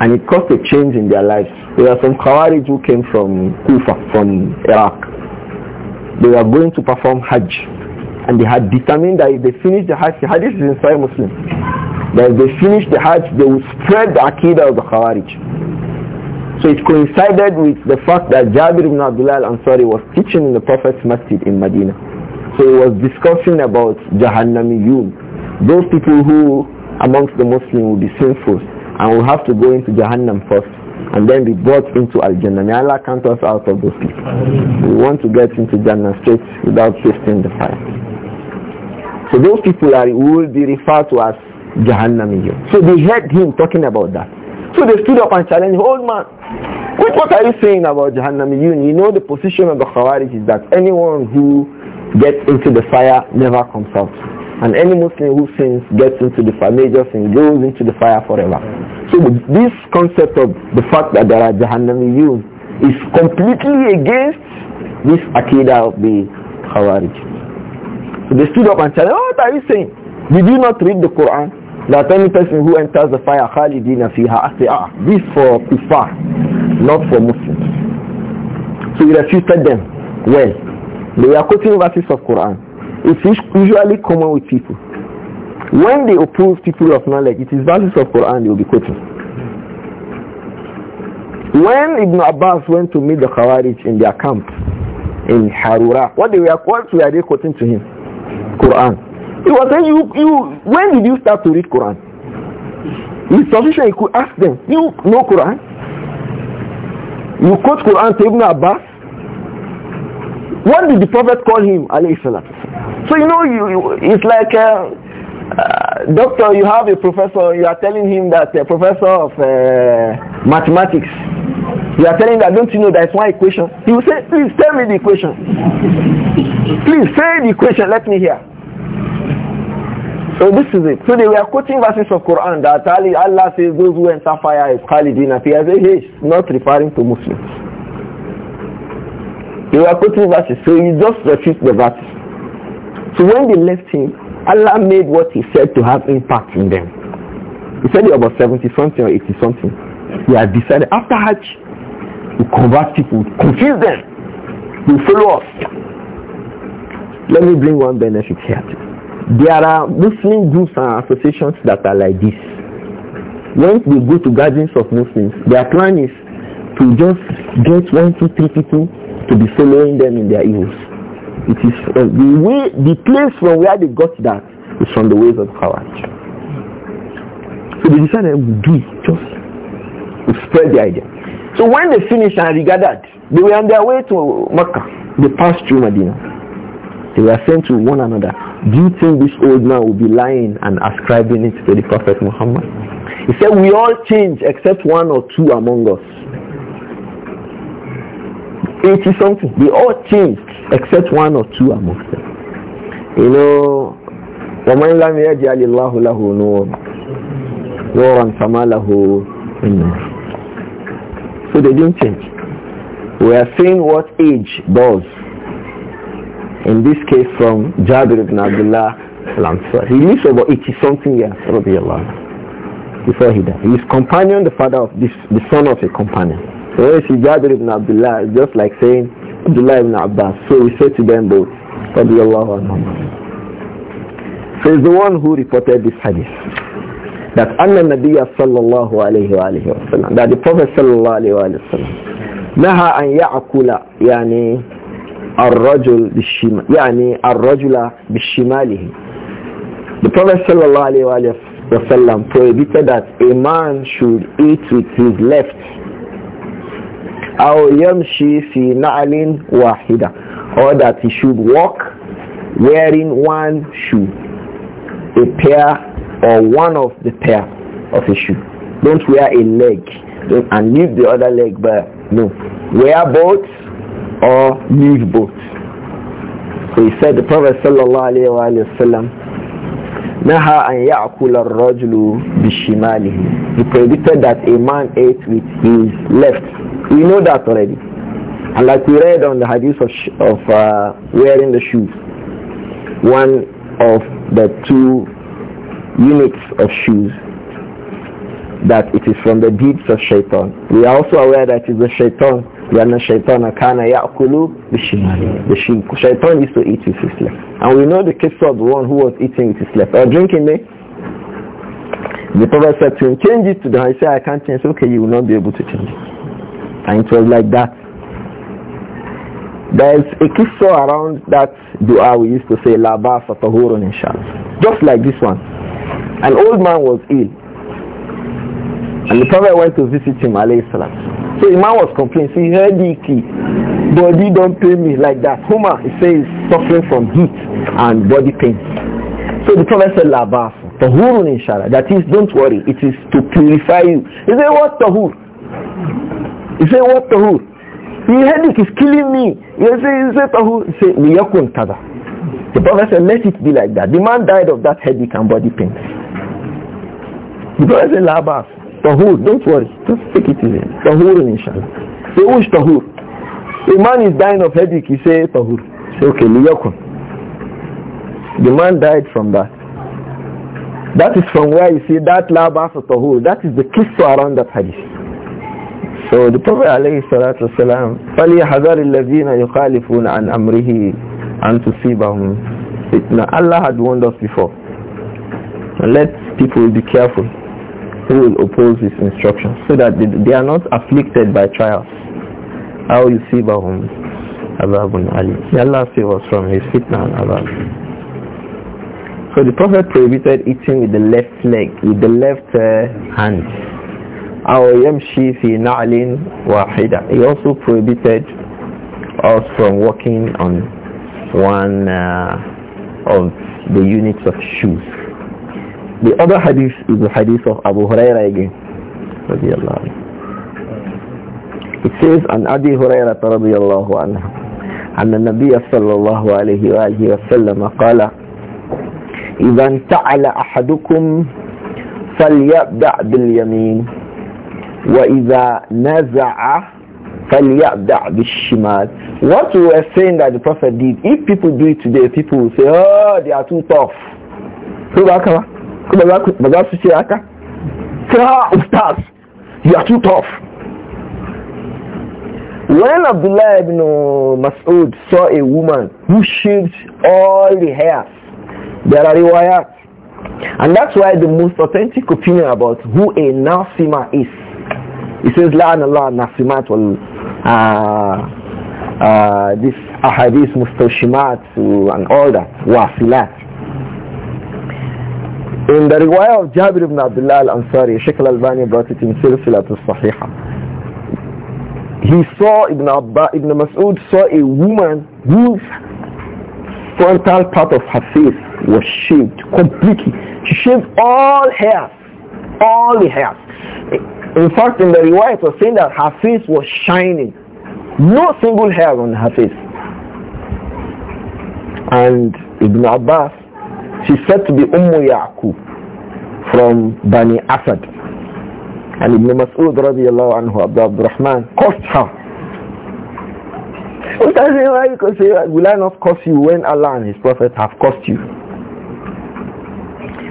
And it caused a change in their lives. There are some Khawarij who came from Kufa, from Iraq. They were going to perform Hajj and they had determined that if they finish the Hajj, the Hadith is inside Muslims. Muslim, that if they finish the Hajj, they will spread the Aqidah of the Khawarij. So it coincided with the fact that Jabir ibn Abdullah al-Ansari was teaching in the Prophet's Masjid in Medina. So he was discussing about Jahannamiyun, those people who amongst the Muslims will be sinful and will have to go into Jahannam first and then be brought into Al-Jannah. May Allah count us out of those people. We want to get into Jannah straight without tasting the fire. So those people are, will be referred to as Jahannamiyun. So they heard him talking about that. So they stood up and challenged him, old man, what are you saying about Jahannamiyun? You know the position of the Khawarij is that anyone who gets into the fire never comes out. And any Muslim who sins gets into the fire, major sin, goes into the fire forever. So this concept of the fact that there are Jahannamiyun is completely against this Aqidah of the Khawarij. So they stood up and said, oh, what are you saying? Did you not read the Quran? That any person who enters the fire, Khalidina fiha, I say, ah, this for kuffar, not for Muslims. So he refuted them. Well, they are quoting verses of Quran. It is usually common with people. When they oppose people of knowledge, it is verses of Quran they will be quoting. When Ibn Abbas went to meet the Khawarij in their camp in Harura, what they were quoting were they quoting to him? Quran. He was saying, you, you, when did you start to read Quran? It's sufficient you could ask them, you know Quran? You quote Quran to Ibn Abbas? What did the Prophet call him, alayhi salam? So you know, you, you it's like, uh, uh, doctor, you have a professor, you are telling him that a uh, professor of uh, mathematics, you are telling that, don't you know that's one equation? He will say, please tell me the equation. please say the equation, let me hear. So this is it. So they were quoting verses of Quran that Allah says those who enter fire is Khalidin appears. He is not referring to Muslims. They were quoting verses. So he just refute the verses. So when they left him, Allah made what he said to have impact in them. He said they were about 70 something or 80 something. He had decided after Hajj to convert people, confuse them, to follow us. Let me bring one benefit here. There are Muslim groups and associations that are like this. Once they go to gatherings of Muslims, their plan is to just get one, two, three people to be following them in their evils. It is uh, the way, the place from where they got that is from the ways of Khawarij. So they decided to do it, just to spread the idea. So when they finished and regathered, they were on their way to Mecca. They passed through Medina. They were saying to one another, do you think this old man will be lying and ascribing it to the Prophet Muhammad? He said, we all change except one or two among us. It is something. They all changed except one or two amongst them. You know, وَمَنْ لَمْ يَجْعَلِ اللَّهُ لَهُ نُورًا نُورًا فَمَا لَهُ So they didn't change. We are seeing what age does. In this case from Jabir ibn Abdullah He lives over 80 something years, before he died. His companion, the father of this, the son of a companion. So when you see Jabir ibn Abdullah, just like saying, Abdullah ibn Abbas. So he said to them both, radiallahu anhum. So it's the one who reported this hadith. That Anna Nabiya sallallahu alayhi wa alayhi wa sallam, that the Prophet sallallahu alayhi wa alayhi wa sallam, نهى أن يأكل يعني الرجل بالشمال يعني الرجل بشماله The Prophet sallallahu alayhi wa sallam prohibited that a man should eat with his left أو يمشي في نعل واحدة or that he should walk wearing one shoe a pair or one of the pair of a shoe don't wear a leg and leave the other leg bare no wear both or leave both so he said the Prophet sallallahu alayhi wa, sallam naha an ya'kula ar-rajulu bishimalihi he predicted that a man ate with his left we know that already. And like we read on the hadith of, of uh, wearing the shoes, one of the two units of shoes, that it is from the deeds of shaitan. We are also aware that it is the shaitan. لأن الشيطان كان يأكل بالشمال the shaitan used to eat with his left and we know the case of the one who was eating with his left or drinking it the prophet said to him change it to the he said I can't change okay you will not be able to change it and it was like that. There's a kisso around that dua we used to say, La basa inshallah. Just like this one. An old man was ill. And the Prophet went to visit him, alayhi salam. So man was complaining, see, key, body don't pain me like that. Huma, he says, suffering from heat and body pain. So the Prophet said, La basa inshallah. That is, don't worry, it is to purify you. He said, what tahur? He said, what tahur? The headache is killing me. He said, he said tahur. He said, liyakun kada. The Prophet said, let it be like that. The man died of that headache and body pain. The Prophet said, labas. Tahur, don't worry. Just take it easy. Tahur, inshallah. Say, ush tahur. The man is dying of headache. He say, tahur. Say, okay, liyakun. The man died from that. That is from where you see that labas or tahur. That is the kiss around that hadith. So the Prophet alayhi salatu wasalam, فَلْيَحَذَرِ الَّذِينَ يُخَالِفُونَ عَنْ أَمْرِهِ أَنْ تُصِيبَهُمْ fitna. Allah had warned us before. Let people be careful who will oppose his instructions so that they, they are not afflicted by trials. أَوْ يُصِيبَهُمْ عَذَابٌ عَلِيمٌ May Allah save us from his fitna and azab. So the Prophet prohibited eating with the left leg, with the left uh, hand. أو يمشي في نعل واحدة he also prohibited us from walking on one uh, of the units of shoes the other hadith is the hadith of Abu Huraira again رضي الله عنه it says عن أبي هريرة رضي الله عنه أن النبي صلى الله عليه وآله وسلم قال إذا انتعل أحدكم فليبدأ باليمين وَإِذَا نَزَعَ فَلْيَعْدَعْ بِالشِّمَالِ What we were saying that the Prophet did, if people do it today, people will say, oh, they are too tough. Ah, Ustaz, you are too tough. When Abdullah ibn Mas'ud saw a woman who shaved all the hair, there are riwayat. And that's why the most authentic opinion about who a Nasima is he says, لعن الله الناصمات وال this ahadith mustawshimat and all that, wasilat. In the riwayah of Jabir ibn Abdullah al-Ansari, Sheikh al-Albani brought it in Silsilat al-Sahiha. He saw Ibn, Abba, Ibn Mas'ud saw a woman whose frontal part of her face was shaved completely. She shaved all hairs, all the hairs. In fact, in the riwayat was saying that her face was shining. No single hair on her face. And Ibn Abbas, she said to be Umm Yaqub from Bani Asad. And Ibn Mas'ud radiallahu anhu, Abdul Rahman, cursed her. Sometimes you know, you could say, will I not curse you when Allah and His Prophet have cursed you?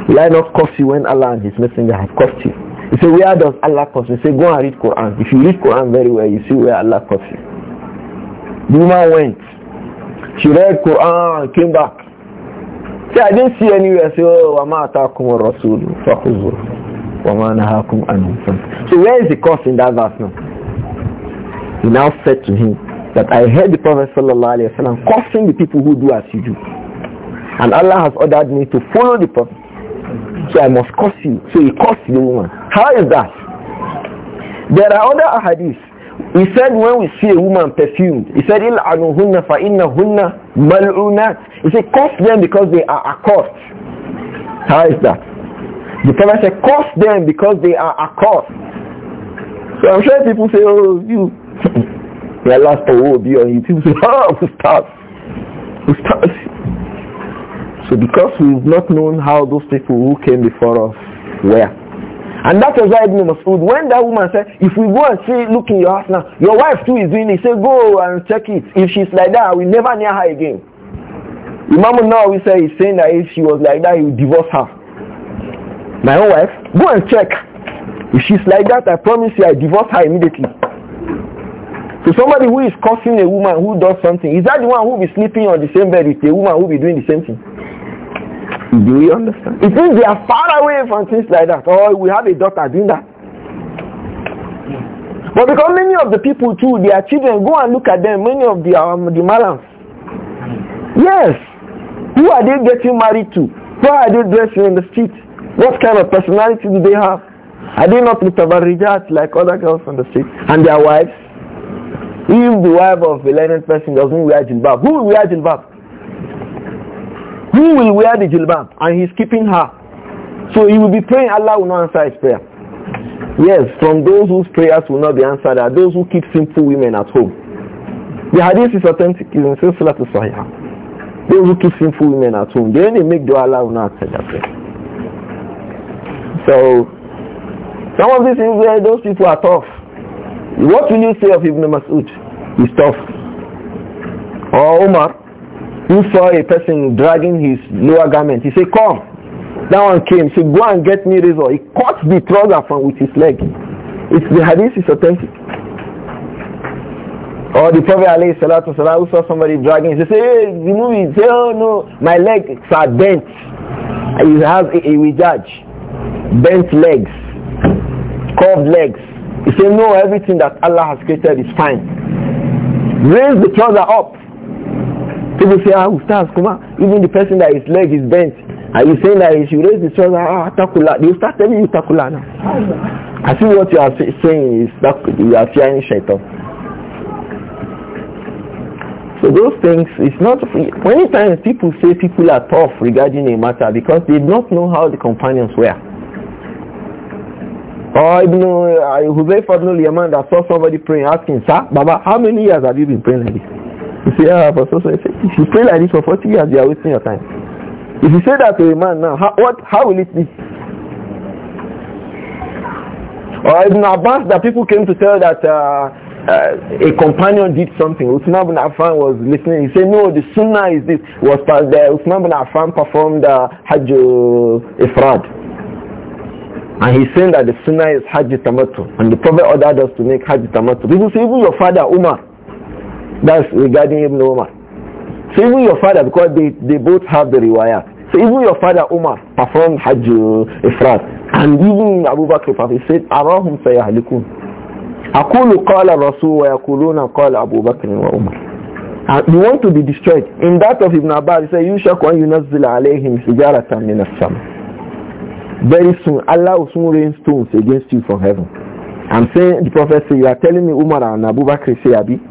Will I not curse you when Allah and His Messenger have cursed you? You say, where does Allah curse you? Say, go and read Quran. If you read Quran very well, you see where Allah curse you. The woman went. She read Quran, came back. Say, I didn't see anywhere. Say, oh, وَمَا أَتَاكُمُ الرَّسُولُ فَخُذُوهُ وَمَا نَهَاكُمْ anum. So where is the curse in that verse now? He now said to him that I heard the Prophet sallallahu alaihi wasallam cursing the people who do as you do. And Allah has ordered me to follow the Prophet. So I must curse you. So he cursed the woman. How is that? There are other ahadith. He said when we see a woman perfumed, he said, inna فَإِنَّهُنَّ مَلْعُونَاتِ He said, curse them because they are accursed. How is that? The Prophet said, curse them because they are accursed. So I'm sure people say, oh, you, your last power will be on you. People say, oh, Ustaz, Ustaz, so because we've not known how those people who came before us were. And that was why Ibn Masud, when that woman said, if we go and say, look in your house now, your wife too is doing it, say, go and check it. If she's like that, I will never near her again. Imam now he say he's saying that if she was like that, he would divorce her. My own wife, go and check. If she's like that, I promise you I divorce her immediately. So somebody who is cursing a woman who does something, is that the one who will be sleeping on the same bed with a woman who will be doing the same thing? Do you understand? It means they are far away from things like that. oh, we have a daughter doing that. But because many of the people too, their children, go and look at them, many of the, um, the malams. Yes. Who are they getting married to? Why are they dressing in the street? What kind of personality do they have? Are they not mutabarrijat like other girls on the street? And their wives? If the wife of a learned person doesn't wear jilbab, who will wear jilbab? who will wear the jilbab and he's keeping her. So he will be praying, Allah will not answer his prayer. Yes, from those whose prayers will not be answered are those who keep sinful women at home. The hadith is authentic, is in Silsilat Sahih. Those who keep sinful women at home, they only make dua Allah will not answer their prayer. So, some of these things, eh, those people are tough. What will you say of Ibn Mas'ud? He's tough. Or Umar, who saw a person dragging his lower garment. He said, come. That one came. He said, go and get me razor. He caught the trouser from with his leg. It's the hadith is authentic. Or the Prophet alayhi salatu salam, who saw somebody dragging, he say, hey, movie." Say, oh no, my legs are bent. He has a, a judge. Bent legs. Curved legs. He said, no, everything that Allah has created is fine. Raise the trouser up. People say, ah, Ustaz, come on. Even the person that his leg is bent, are you saying that if you raise the shoulder, ah, takula, they start telling you takula now. I see what you are saying is that you are fearing shaitan. So those things, it's not, many times people say people are tough regarding a matter because they do not know how the companions were. Or Ibn uh, Huzayf ibn al-Yaman that saw somebody praying, asking, sir, Baba, how many years have you been praying like this? You say, ah, for so so. say, you pray like this for 40 years, you are wasting your time. If you say that to a man now, how, what, how will it be? Or Ibn Abbas that people came to tell that uh, uh, a companion did something. Uthman bin Affan was listening. He said, no, the sunnah is this. Was there. Uthman bin Affan performed uh, Hajj uh, Ifrad. And he's saying that the sunnah is Hajj Tamatu. And the Prophet ordered us to make Hajj Tamatu. People say, even your father, Umar, that's regarding Ibn Umar. So even your father, because they, they both have the riwayah. So even your father Umar performed Hajj uh, Ifrat. And even Abu Bakr he said, "Arahum أراهم سيهلكون أقول قال الرسول ويقولون قال أبو بكر وعمر and you want to be destroyed. In that of Ibn Abbas, he said, يُشَكُ أَنْ يُنَزِّلَ عَلَيْهِمْ سِجَارَةً مِنَ السَّمَاءِ Very soon, Allah will soon rain stones against you from heaven. I'm saying, the Prophet said, you are telling me Umar and Abu Bakr say, Abi,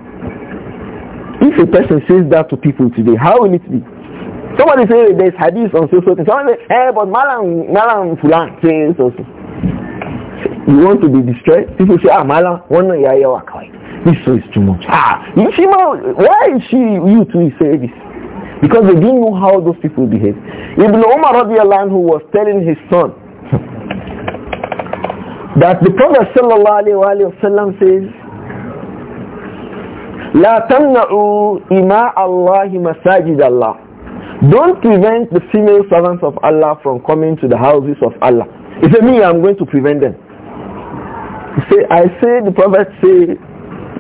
if a person says that to people today, how will it be? Somebody say there's hadith on so certain. Somebody say, hey, eh, but Malam, Malam Fulan says so. You want to be destroyed? People say, ah, Malam, one ya ya wakai. This is too much. Ah, you see, why is she, you two say this? Because they didn't know how those people behave. Ibn Umar radiallahu who was telling his son that the Prophet sallallahu alayhi wa says, La tamna'u ima Allah masajid Allah. Don't prevent the female servants of Allah from coming to the houses of Allah. If it me, I'm going to prevent them. Say, I say, the Prophet say,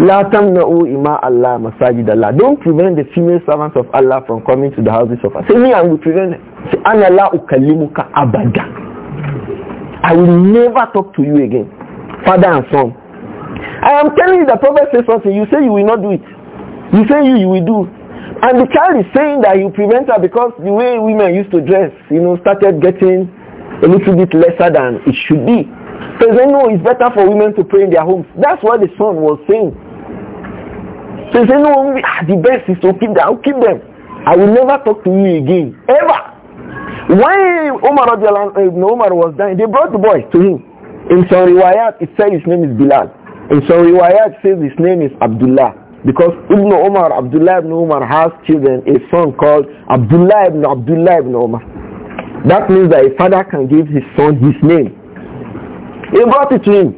La tamna'u ima Allah masajid Allah. Don't prevent the female servants of Allah from coming to the houses of Allah. Say, me, I will prevent them. Say, Ana la ukalimuka abada. I will never talk to you again, father and son. I am telling you the prophet says something, you say you will not do it. You say you, you will do. And the child is saying that you prevent her because the way women used to dress, you know, started getting a little bit lesser than it should be. So they know it's better for women to pray in their homes. That's what the son was saying. So they know ah, the best is to keep them. I'll keep them. I will never talk to you again. Ever. When Omar, eh, Omar was dying, they brought the boy to him. In some it said his name is Bilal. In some riwayat says his name is Abdullah because Ibn Umar, Abdullah ibn Umar has children, a son called Abdullah ibn Abdullah ibn Umar. That means that a father can give his son his name. He brought it to him.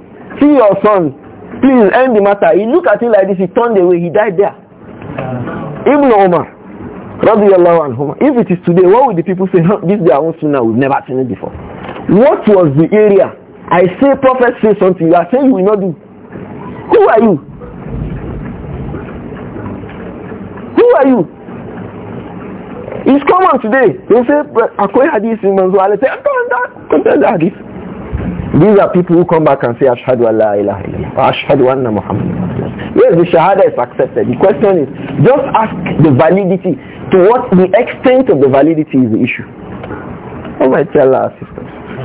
See your son. Please end the matter. He looked at it like this. He turned away. He died there. Ibn Umar. Radiallahu anhu. If it is today, what would the people say? No, this is their own sunnah. We've never seen it before. What was the area? I say prophet say something. You are saying you will not do. Who are you? Who are you? It's common today. They say, akwai hadith in I Say, don't tell the hadith. These are people who come back and say, Ashhadu Allah ilaha illallah. Ashhadu anna Muhammad. Yes, the Shahada is accepted. The question is, just ask the validity. To what the extent of the validity is the issue. tell oh Allah, sister.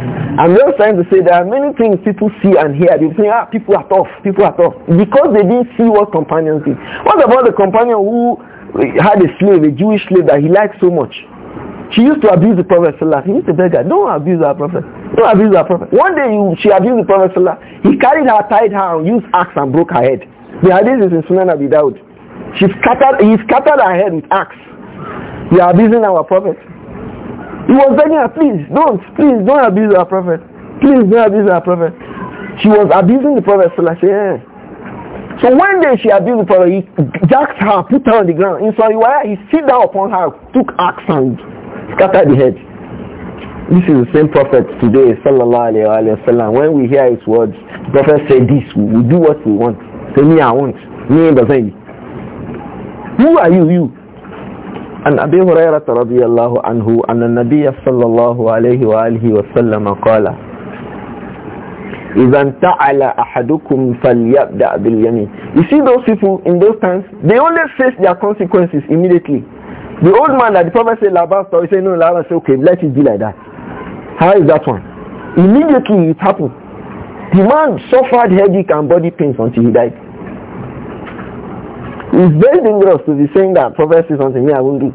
I'm just trying to say there are many things people see and hear. They say, ah, people are tough, people are tough. Because they didn't see what companions did. What about the companion who had a slave, a Jewish slave that he liked so much? She used to abuse the Prophet Salah. He used to beg her, don't abuse our Prophet. Don't abuse our Prophet. One day she abused the Prophet Salah. He carried her, tied her, and used axe and broke her head. The hadith is in Sunan Abi Dawud. She scattered, he scattered her head with axe. You are abusing our Prophet. He was begging her, please don't, please don't abuse our prophet. Please don't abuse our prophet. She was abusing the prophet. So, like, yeah. so one day she abused the prophet. He jacked her, put her on the ground. In Sahiwaya, he sat down upon her, took axe and scattered the head. This is the same prophet today, sallallahu alayhi wa sallam. When we hear his words, the prophet said, this, we do what we want. Say me, I want. Me, doesn't. Who are you? You. عن أبي هريرة رضي الله عنه أن النبي صلى الله عليه وآله وسلم قال إذا انتعل أحدكم فليبدأ باليمين You see those people in those times, they only face their consequences immediately. The old man that the prophet said Laban story, he said no, Laban said okay, let it be like that. How is that one? Immediately it happened. The man suffered headache and body pains until he died. It's very dangerous to be saying that Prophet says something me I won't do.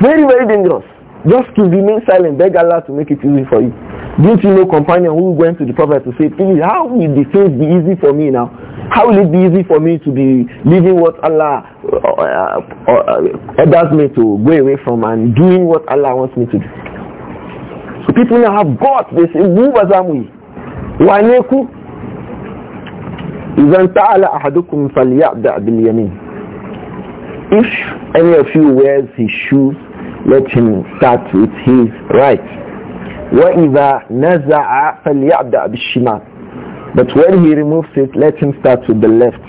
Very, very dangerous. Just to remain silent, beg Allah to make it easy for you. do not you know companion who went to the Prophet to say, please, how will the things be easy for me now? How will it be easy for me to be leaving what Allah uh, uh, uh, orders me to go away from and doing what Allah wants me to do? So people now have got this. Move as I'm إذا انتعل أحدكم فليعدع باليمين if any of you wears his shoes, let him start with his right. وَإِذَا نَزَعَ فَلْيَعْدَ بِالشِّمَالِ But when he removes it, let him start with the left.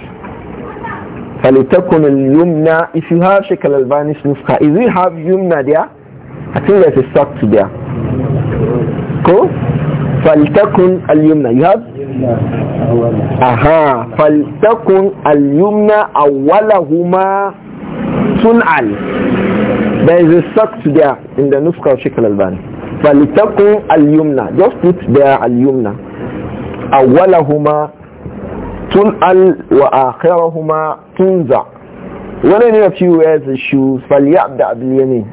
فَلِتَكُنِ الْيُمْنَى If you have Sheikh al-Albani's nuskha, if you have yumna there, I think there's a sock to there. Cool? فَلْتَكُنْ الْيُمْنَى You have? Aha. فَلْتَكُنْ الْيُمْنَى أَوَّلَهُمَا sun'al. There is a sect there in the Nufqa of Sheikh al-Albani. فَلِتَقُمْ alumna Just put there al-yumna. أَوَّلَهُمَا تُنْأَلْ وَآخِرَهُمَا تُنْزَعْ When any of you wears the shoes, فَلْيَعْدَعْ بِالْيَمِينِ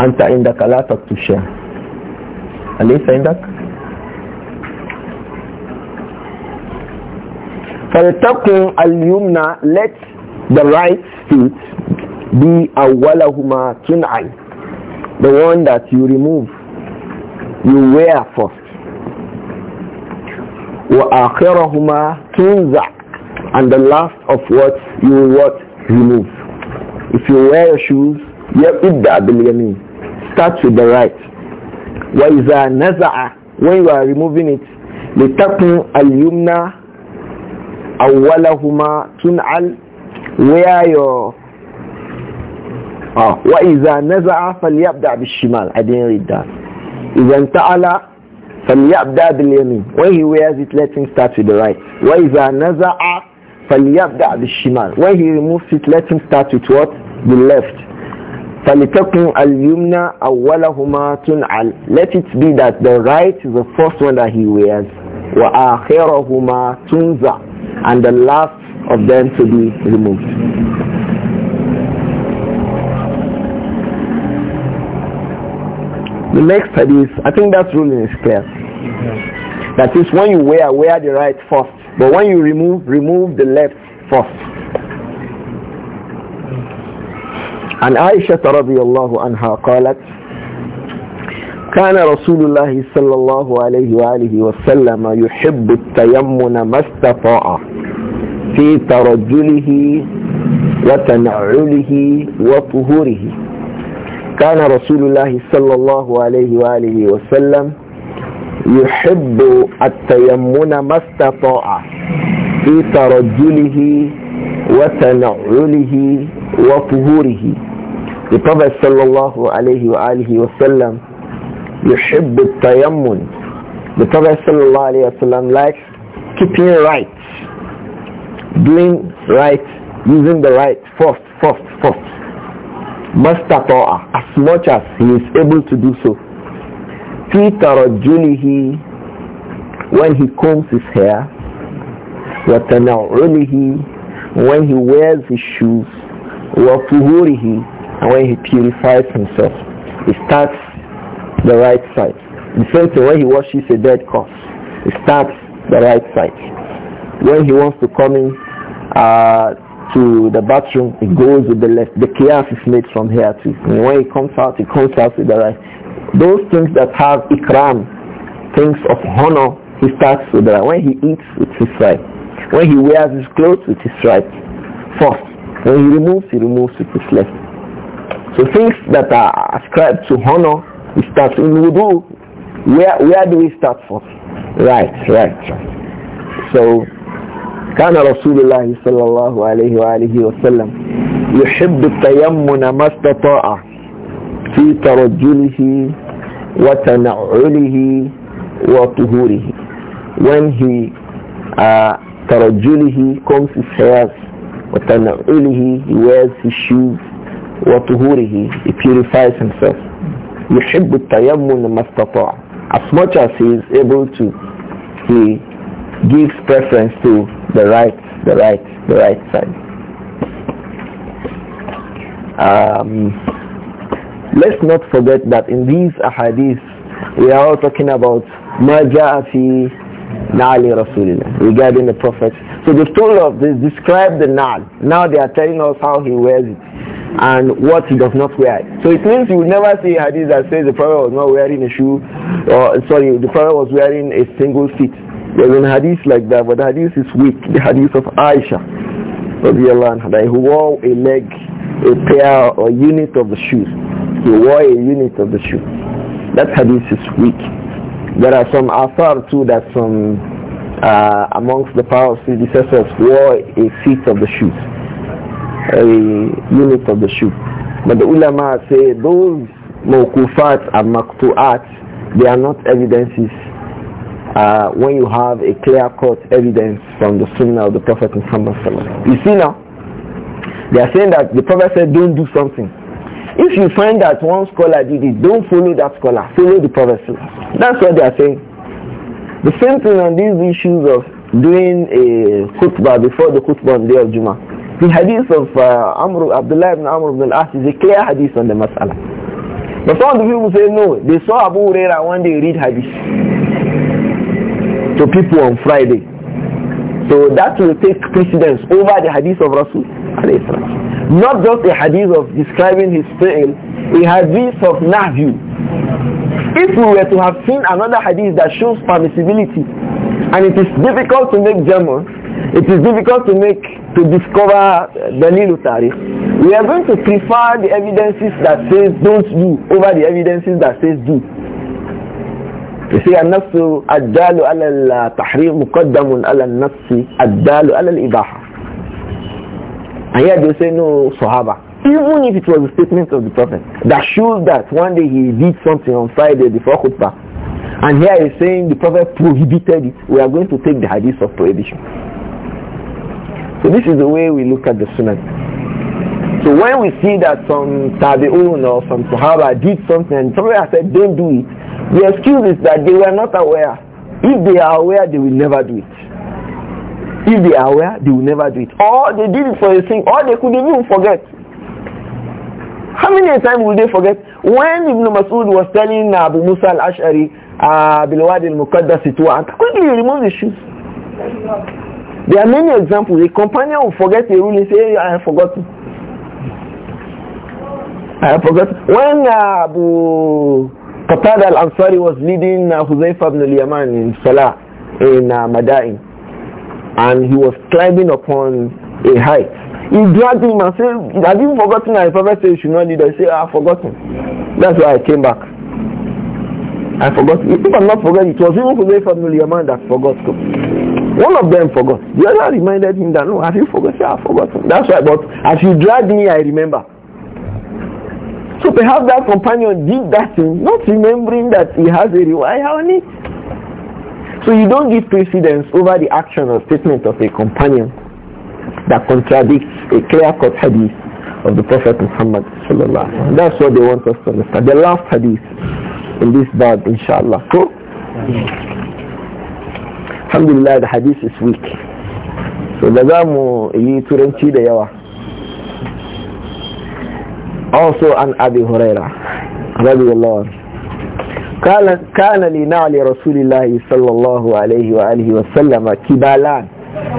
أنت عندك لا تكتب شيئا أليس عندك؟ talking اليمنى let the right feet be awalahuma tun'an the one that you remove you wear first wa akhirahuma tunza and the last of what you what remove if you wear your shoes yabda bil yamin start with the right wa iza naza'a when you are removing it litakun al yumna awalahuma tun'al where your oh وإذا نزع فليبدأ بالشمال I didn't read that إذا انتعل فليبدأ باليمين when he wears it let him start with the right What is وإذا نزع فليبدأ بالشمال when he removes it let him start with what the left فلتكن اليمنى أولهما تنعل let it be that the right is the first one that he wears وآخرهما تنزع and the last of them to be removed. The next hadith, I think that ruling is clear. That is when you wear, wear the right first. But when you remove, remove the left first. عن عائشة رضي الله عنها قالت كان رسول الله صلى الله عليه وآله وسلم يحب التيمن ما استطاع في ترجله وتنعله وطهوره كان رسول الله صلى الله عليه وآله وسلم يحب التيمن ما استطاع في ترجله وتنعله وطهوره The Prophet sallallahu alayhi wa alihi wa sallam يحب التيمن The Prophet sallallahu alayhi wa likes keeping right doing right, using the right first, first, first. Mastata'a, as much as he is able to do so. Julie, he when he combs his hair, Really, he when he wears his shoes, wa he? and when he purifies himself. He starts the right side. The same thing when he washes a dead corpse. He starts the right side. When he wants to come in, uh, to the bathroom, it goes with the left. The chaos is made from here too. And when it comes out, it comes out with the right. Those things that have ikram, things of honor, he starts with the right. When he eats, it's his right. When he wears his clothes, it's his right. First. When he removes, he removes with his left. So things that are ascribed to honor, he starts in wudu. Where, where do we start from? Right, right, right. So كان رسول الله صلى الله عليه وآله وسلم يحب التيمن ما استطاع في ترجله وتنعله وطهوره when he uh, ترجله comes his hairs وتنعله he wears his shoes وطهوره he purifies himself يحب التيمن ما استطاع as much as he is able to he gives preference to the right, the right, the right side. Um, let's not forget that in these ahadith, we are all talking about Maja nali Na'ali Rasulillah regarding the Prophet. So the story of this described the Na'al. Now they are telling us how he wears it and what he does not wear. So it means you will never see hadith that says the Prophet was not wearing a shoe or sorry, the Prophet was wearing a single feet. There's an hadith like that, but the hadith is weak. The hadith of Aisha, anha, that he wore a leg, a pair or unit of the shoes. He wore a unit of the shoe. That hadith is weak. There are some athar too that some uh, amongst the pious predecessors wore a seat of the shoes, a unit of the shoe. But the ulama say those mawkufat and maktu'at, they are not evidences uh, when you have a clear-cut evidence from the Sunnah of the Prophet Muhammad You see now, they are saying that the Prophet said, don't do something. If you find that one scholar did it, don't follow that scholar. Follow the Prophet. That's what they are saying. The same thing on these issues of doing a khutbah before the khutbah on the day of Jummah. The hadith of uh, Amr, Abdullah ibn Amr ibn al-As is a clear hadith on the mas'ala. But some of the people say, no, they saw Abu Huraira one day read hadith to people on Friday. So that will take precedence over the hadith of Rasul. Not just a hadith of describing his fail, a hadith of nahyu. If we were to have seen another hadith that shows permissibility, and it is difficult to make jamu, it is difficult to make to discover little tarikh. We are going to prefer the evidences that says don't do over the evidences that says do. You see, النص الدال على التحريم مقدم على النص الدال على الإباحة. And yet they say no Even if it was a statement of the Prophet that shows that one day he did something on Friday before khutbah, and here he's saying the Prophet prohibited it, we are going to take the hadith of prohibition. So this is the way we look at the Sunnah. So when we see that some tabi'un or some Sahaba did something and the Prophet said don't do it, the excuse is that they were not aware. If they are aware, they will never do it. If they are aware, they will never do it. Or they did it for a thing, or they could even forget. How many times will they forget? When Ibn Masud was telling Abu Musa al-Ash'ari, uh, Bilwad al-Muqaddas quickly remove the shoes. There are many examples. A companion will forget a rule and say, I have forgotten. I have forgotten. When uh, Abu Qatada al-Ansari was leading uh, Huzaifa ibn al-Yaman in Salah in uh, Madain and he was climbing upon a height. He dragged him and said, have you forgotten I prophet said you should not lead? I said, I've forgotten. That's why I came back. I forgot. If I'm not forgetting, it was even Huzaifa ibn al-Yaman that forgot. One of them forgot. The other reminded him that, no, have you forgotten? I've forgotten. That's why, but as you dragged me, I remember. So perhaps that companion did that thing, not remembering that he has a reward on it. So you don't give precedence over the action or statement of a companion that contradicts a clear-cut hadith of the Prophet Muhammad That's what they want us to understand. The last hadith in this bad, inshallah. So, alhamdulillah, the hadith is weak. So da za mu yi turanci da also an أبي Huraira. رضي الله عنه قال كان لنعل رسول الله صلى الله عليه وآله وسلم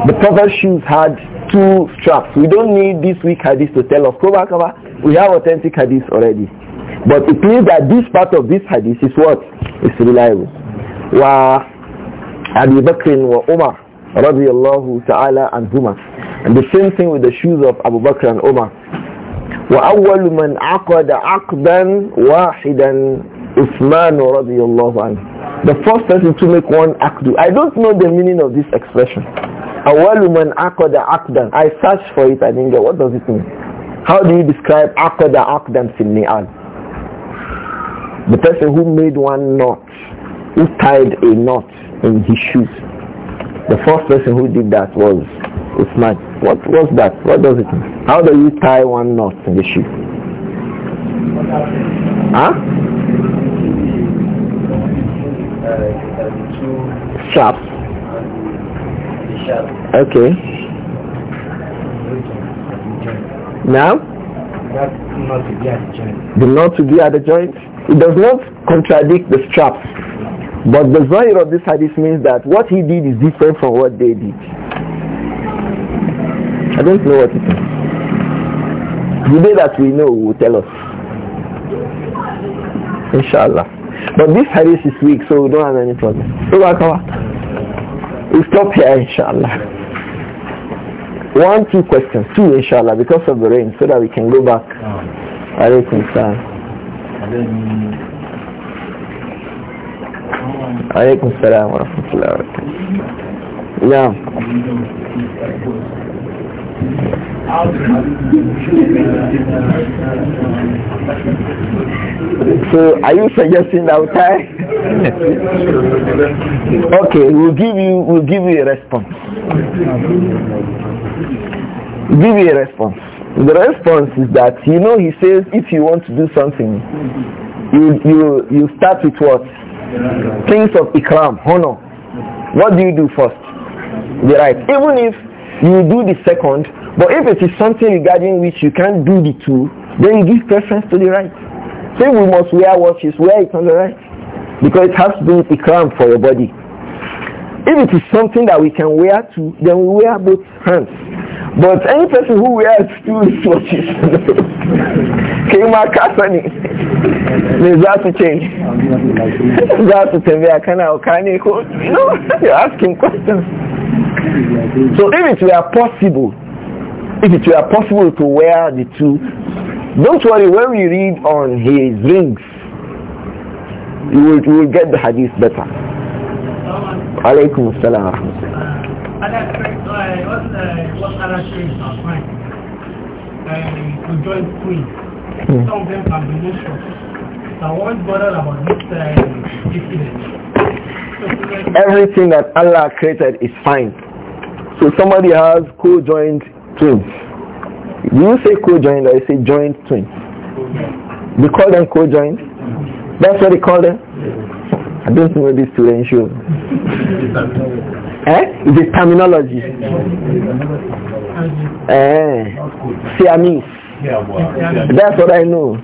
The Prophet's shoes had two straps. We don't need this weak hadith to tell us. Koba, koba, we have authentic hadith already. But it means that this part of this hadith is what is reliable. Wa Abu Bakr wa Umar radiyallahu ta'ala anhuma. And the same thing with the shoes of Abu Bakr and Umar وأول من عقد عقدا واحدا عثمان رضي الله عنه The first person to make one akdu. I don't know the meaning of this expression. أول من عقد عقدا. I searched for it. I didn't get what does it mean. How do you describe عقد عقدا في النعال? The person who made one knot, who tied a knot in his shoes. The first person who did that was Usman. What was that? What does it mean? How do you tie one knot in the shoe? Huh? Sharp. Okay. Now? The knot to be at the joint. It does not contradict the straps. But the zahir of this hadith means that what he did is different from what they did. I don't know what it is. The day that we know will tell us. Inshallah. But this hadith is weak, so we don't have any problem. we stop here, inshallah. One, two questions. Two, inshallah, because of the rain, so that we can go back. Um, Alaykum salam salam wa rahmatullahi wa barakatuh. So are you suggesting that we okay, we'll give you we'll give you a response. give you a response. The response is that you know he says if you want to do something, you you you start with what? Things of ikram, honor. What do you do first? The right. Even if you do the second, but if it is something regarding which you can't do the two, then you give preference to the right. Say we must wear watches, wear it on the right. Because it has to do with ikram for your body. If it is something that we can wear two, then we wear both hands. But any person who wears two watches, Kema Kasani, me za su ce za su tambaya kana hauka ne ko no you're asking questions so if it were possible if it were possible to wear the two don't worry when we read on his rings you will, you will get the hadith better Alaikum assalam uh, to join queen Mm. Some of them So I won't bother about this uh, Everything that Allah created is fine. So somebody has co-joined twins. You say co-joined or you say joined twins. We call them co-joined. That's what they call them. I don't know this to ensure. eh? It's a terminology. Eh? See, I mean, that's what I know.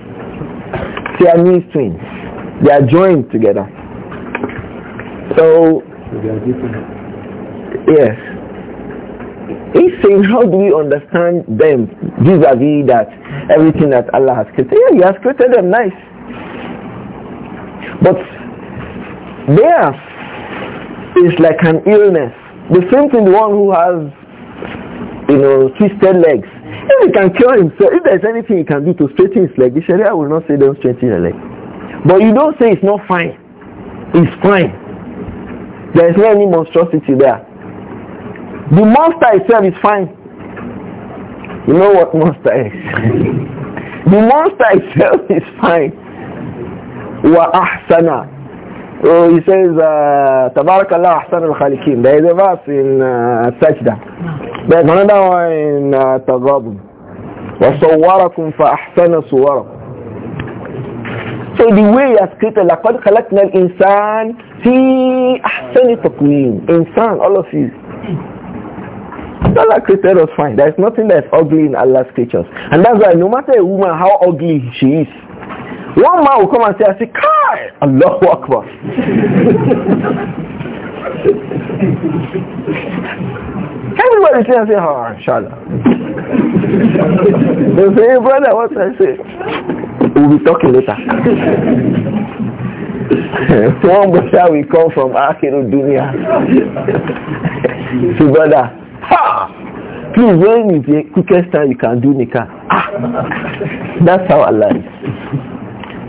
They are new twins. They are joined together. So, yes. He's saying, how do we understand them vis-a-vis -vis that everything that Allah has created? Yeah, He has created them nice. But there is like an illness. The same thing the one who has, you know, twisted legs if he can cure himself, if there's anything he can do to straighten his leg, the Sharia will not say don't straighten your leg. But you don't say it's not fine. It's fine. There is no any monstrosity there. The monster itself is fine. You know what monster is? the monster itself is fine. Wa ahsana so he says, uh, Tabarakallah Ahsan al-Khaliqin. There is a verse in uh, Sajda. There's another one in wa uh, Taghabun. fa فَأَحْسَنَ صُوَرَكُمْ So the way he has created, لَقَدْ خَلَقْنَا الْإِنسَانِ فِي أَحْسَنِ تَقْوِيمٍ Insan, all of you. Allah created us fine. There is nothing that is ugly in Allah's creatures. And that's why no matter a woman how ugly she is, one man will come and say, I say, Kai! Allahu Akbar. Everybody say, I say, oh, inshallah. they say, hey, brother, what I say? We'll be talking later. One brother will come from Akiru Dunya. so brother, ha! please when is the quickest time you can do nikah ah that's how i like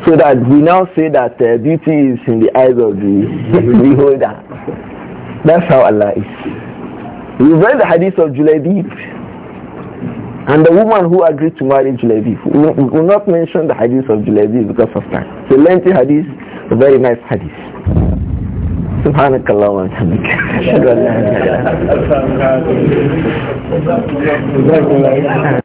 so that we now say that uh, beauty is in the eyes of the beholder. That's how Allah is. We read the hadith of Julaybib and the woman who agreed to marry Julaybib. We will not mention the hadith of Julaybib because of time. It's a lengthy hadith, a very nice hadith. سبحانك اللهم وبحمدك اشهد ان لا اله الا انت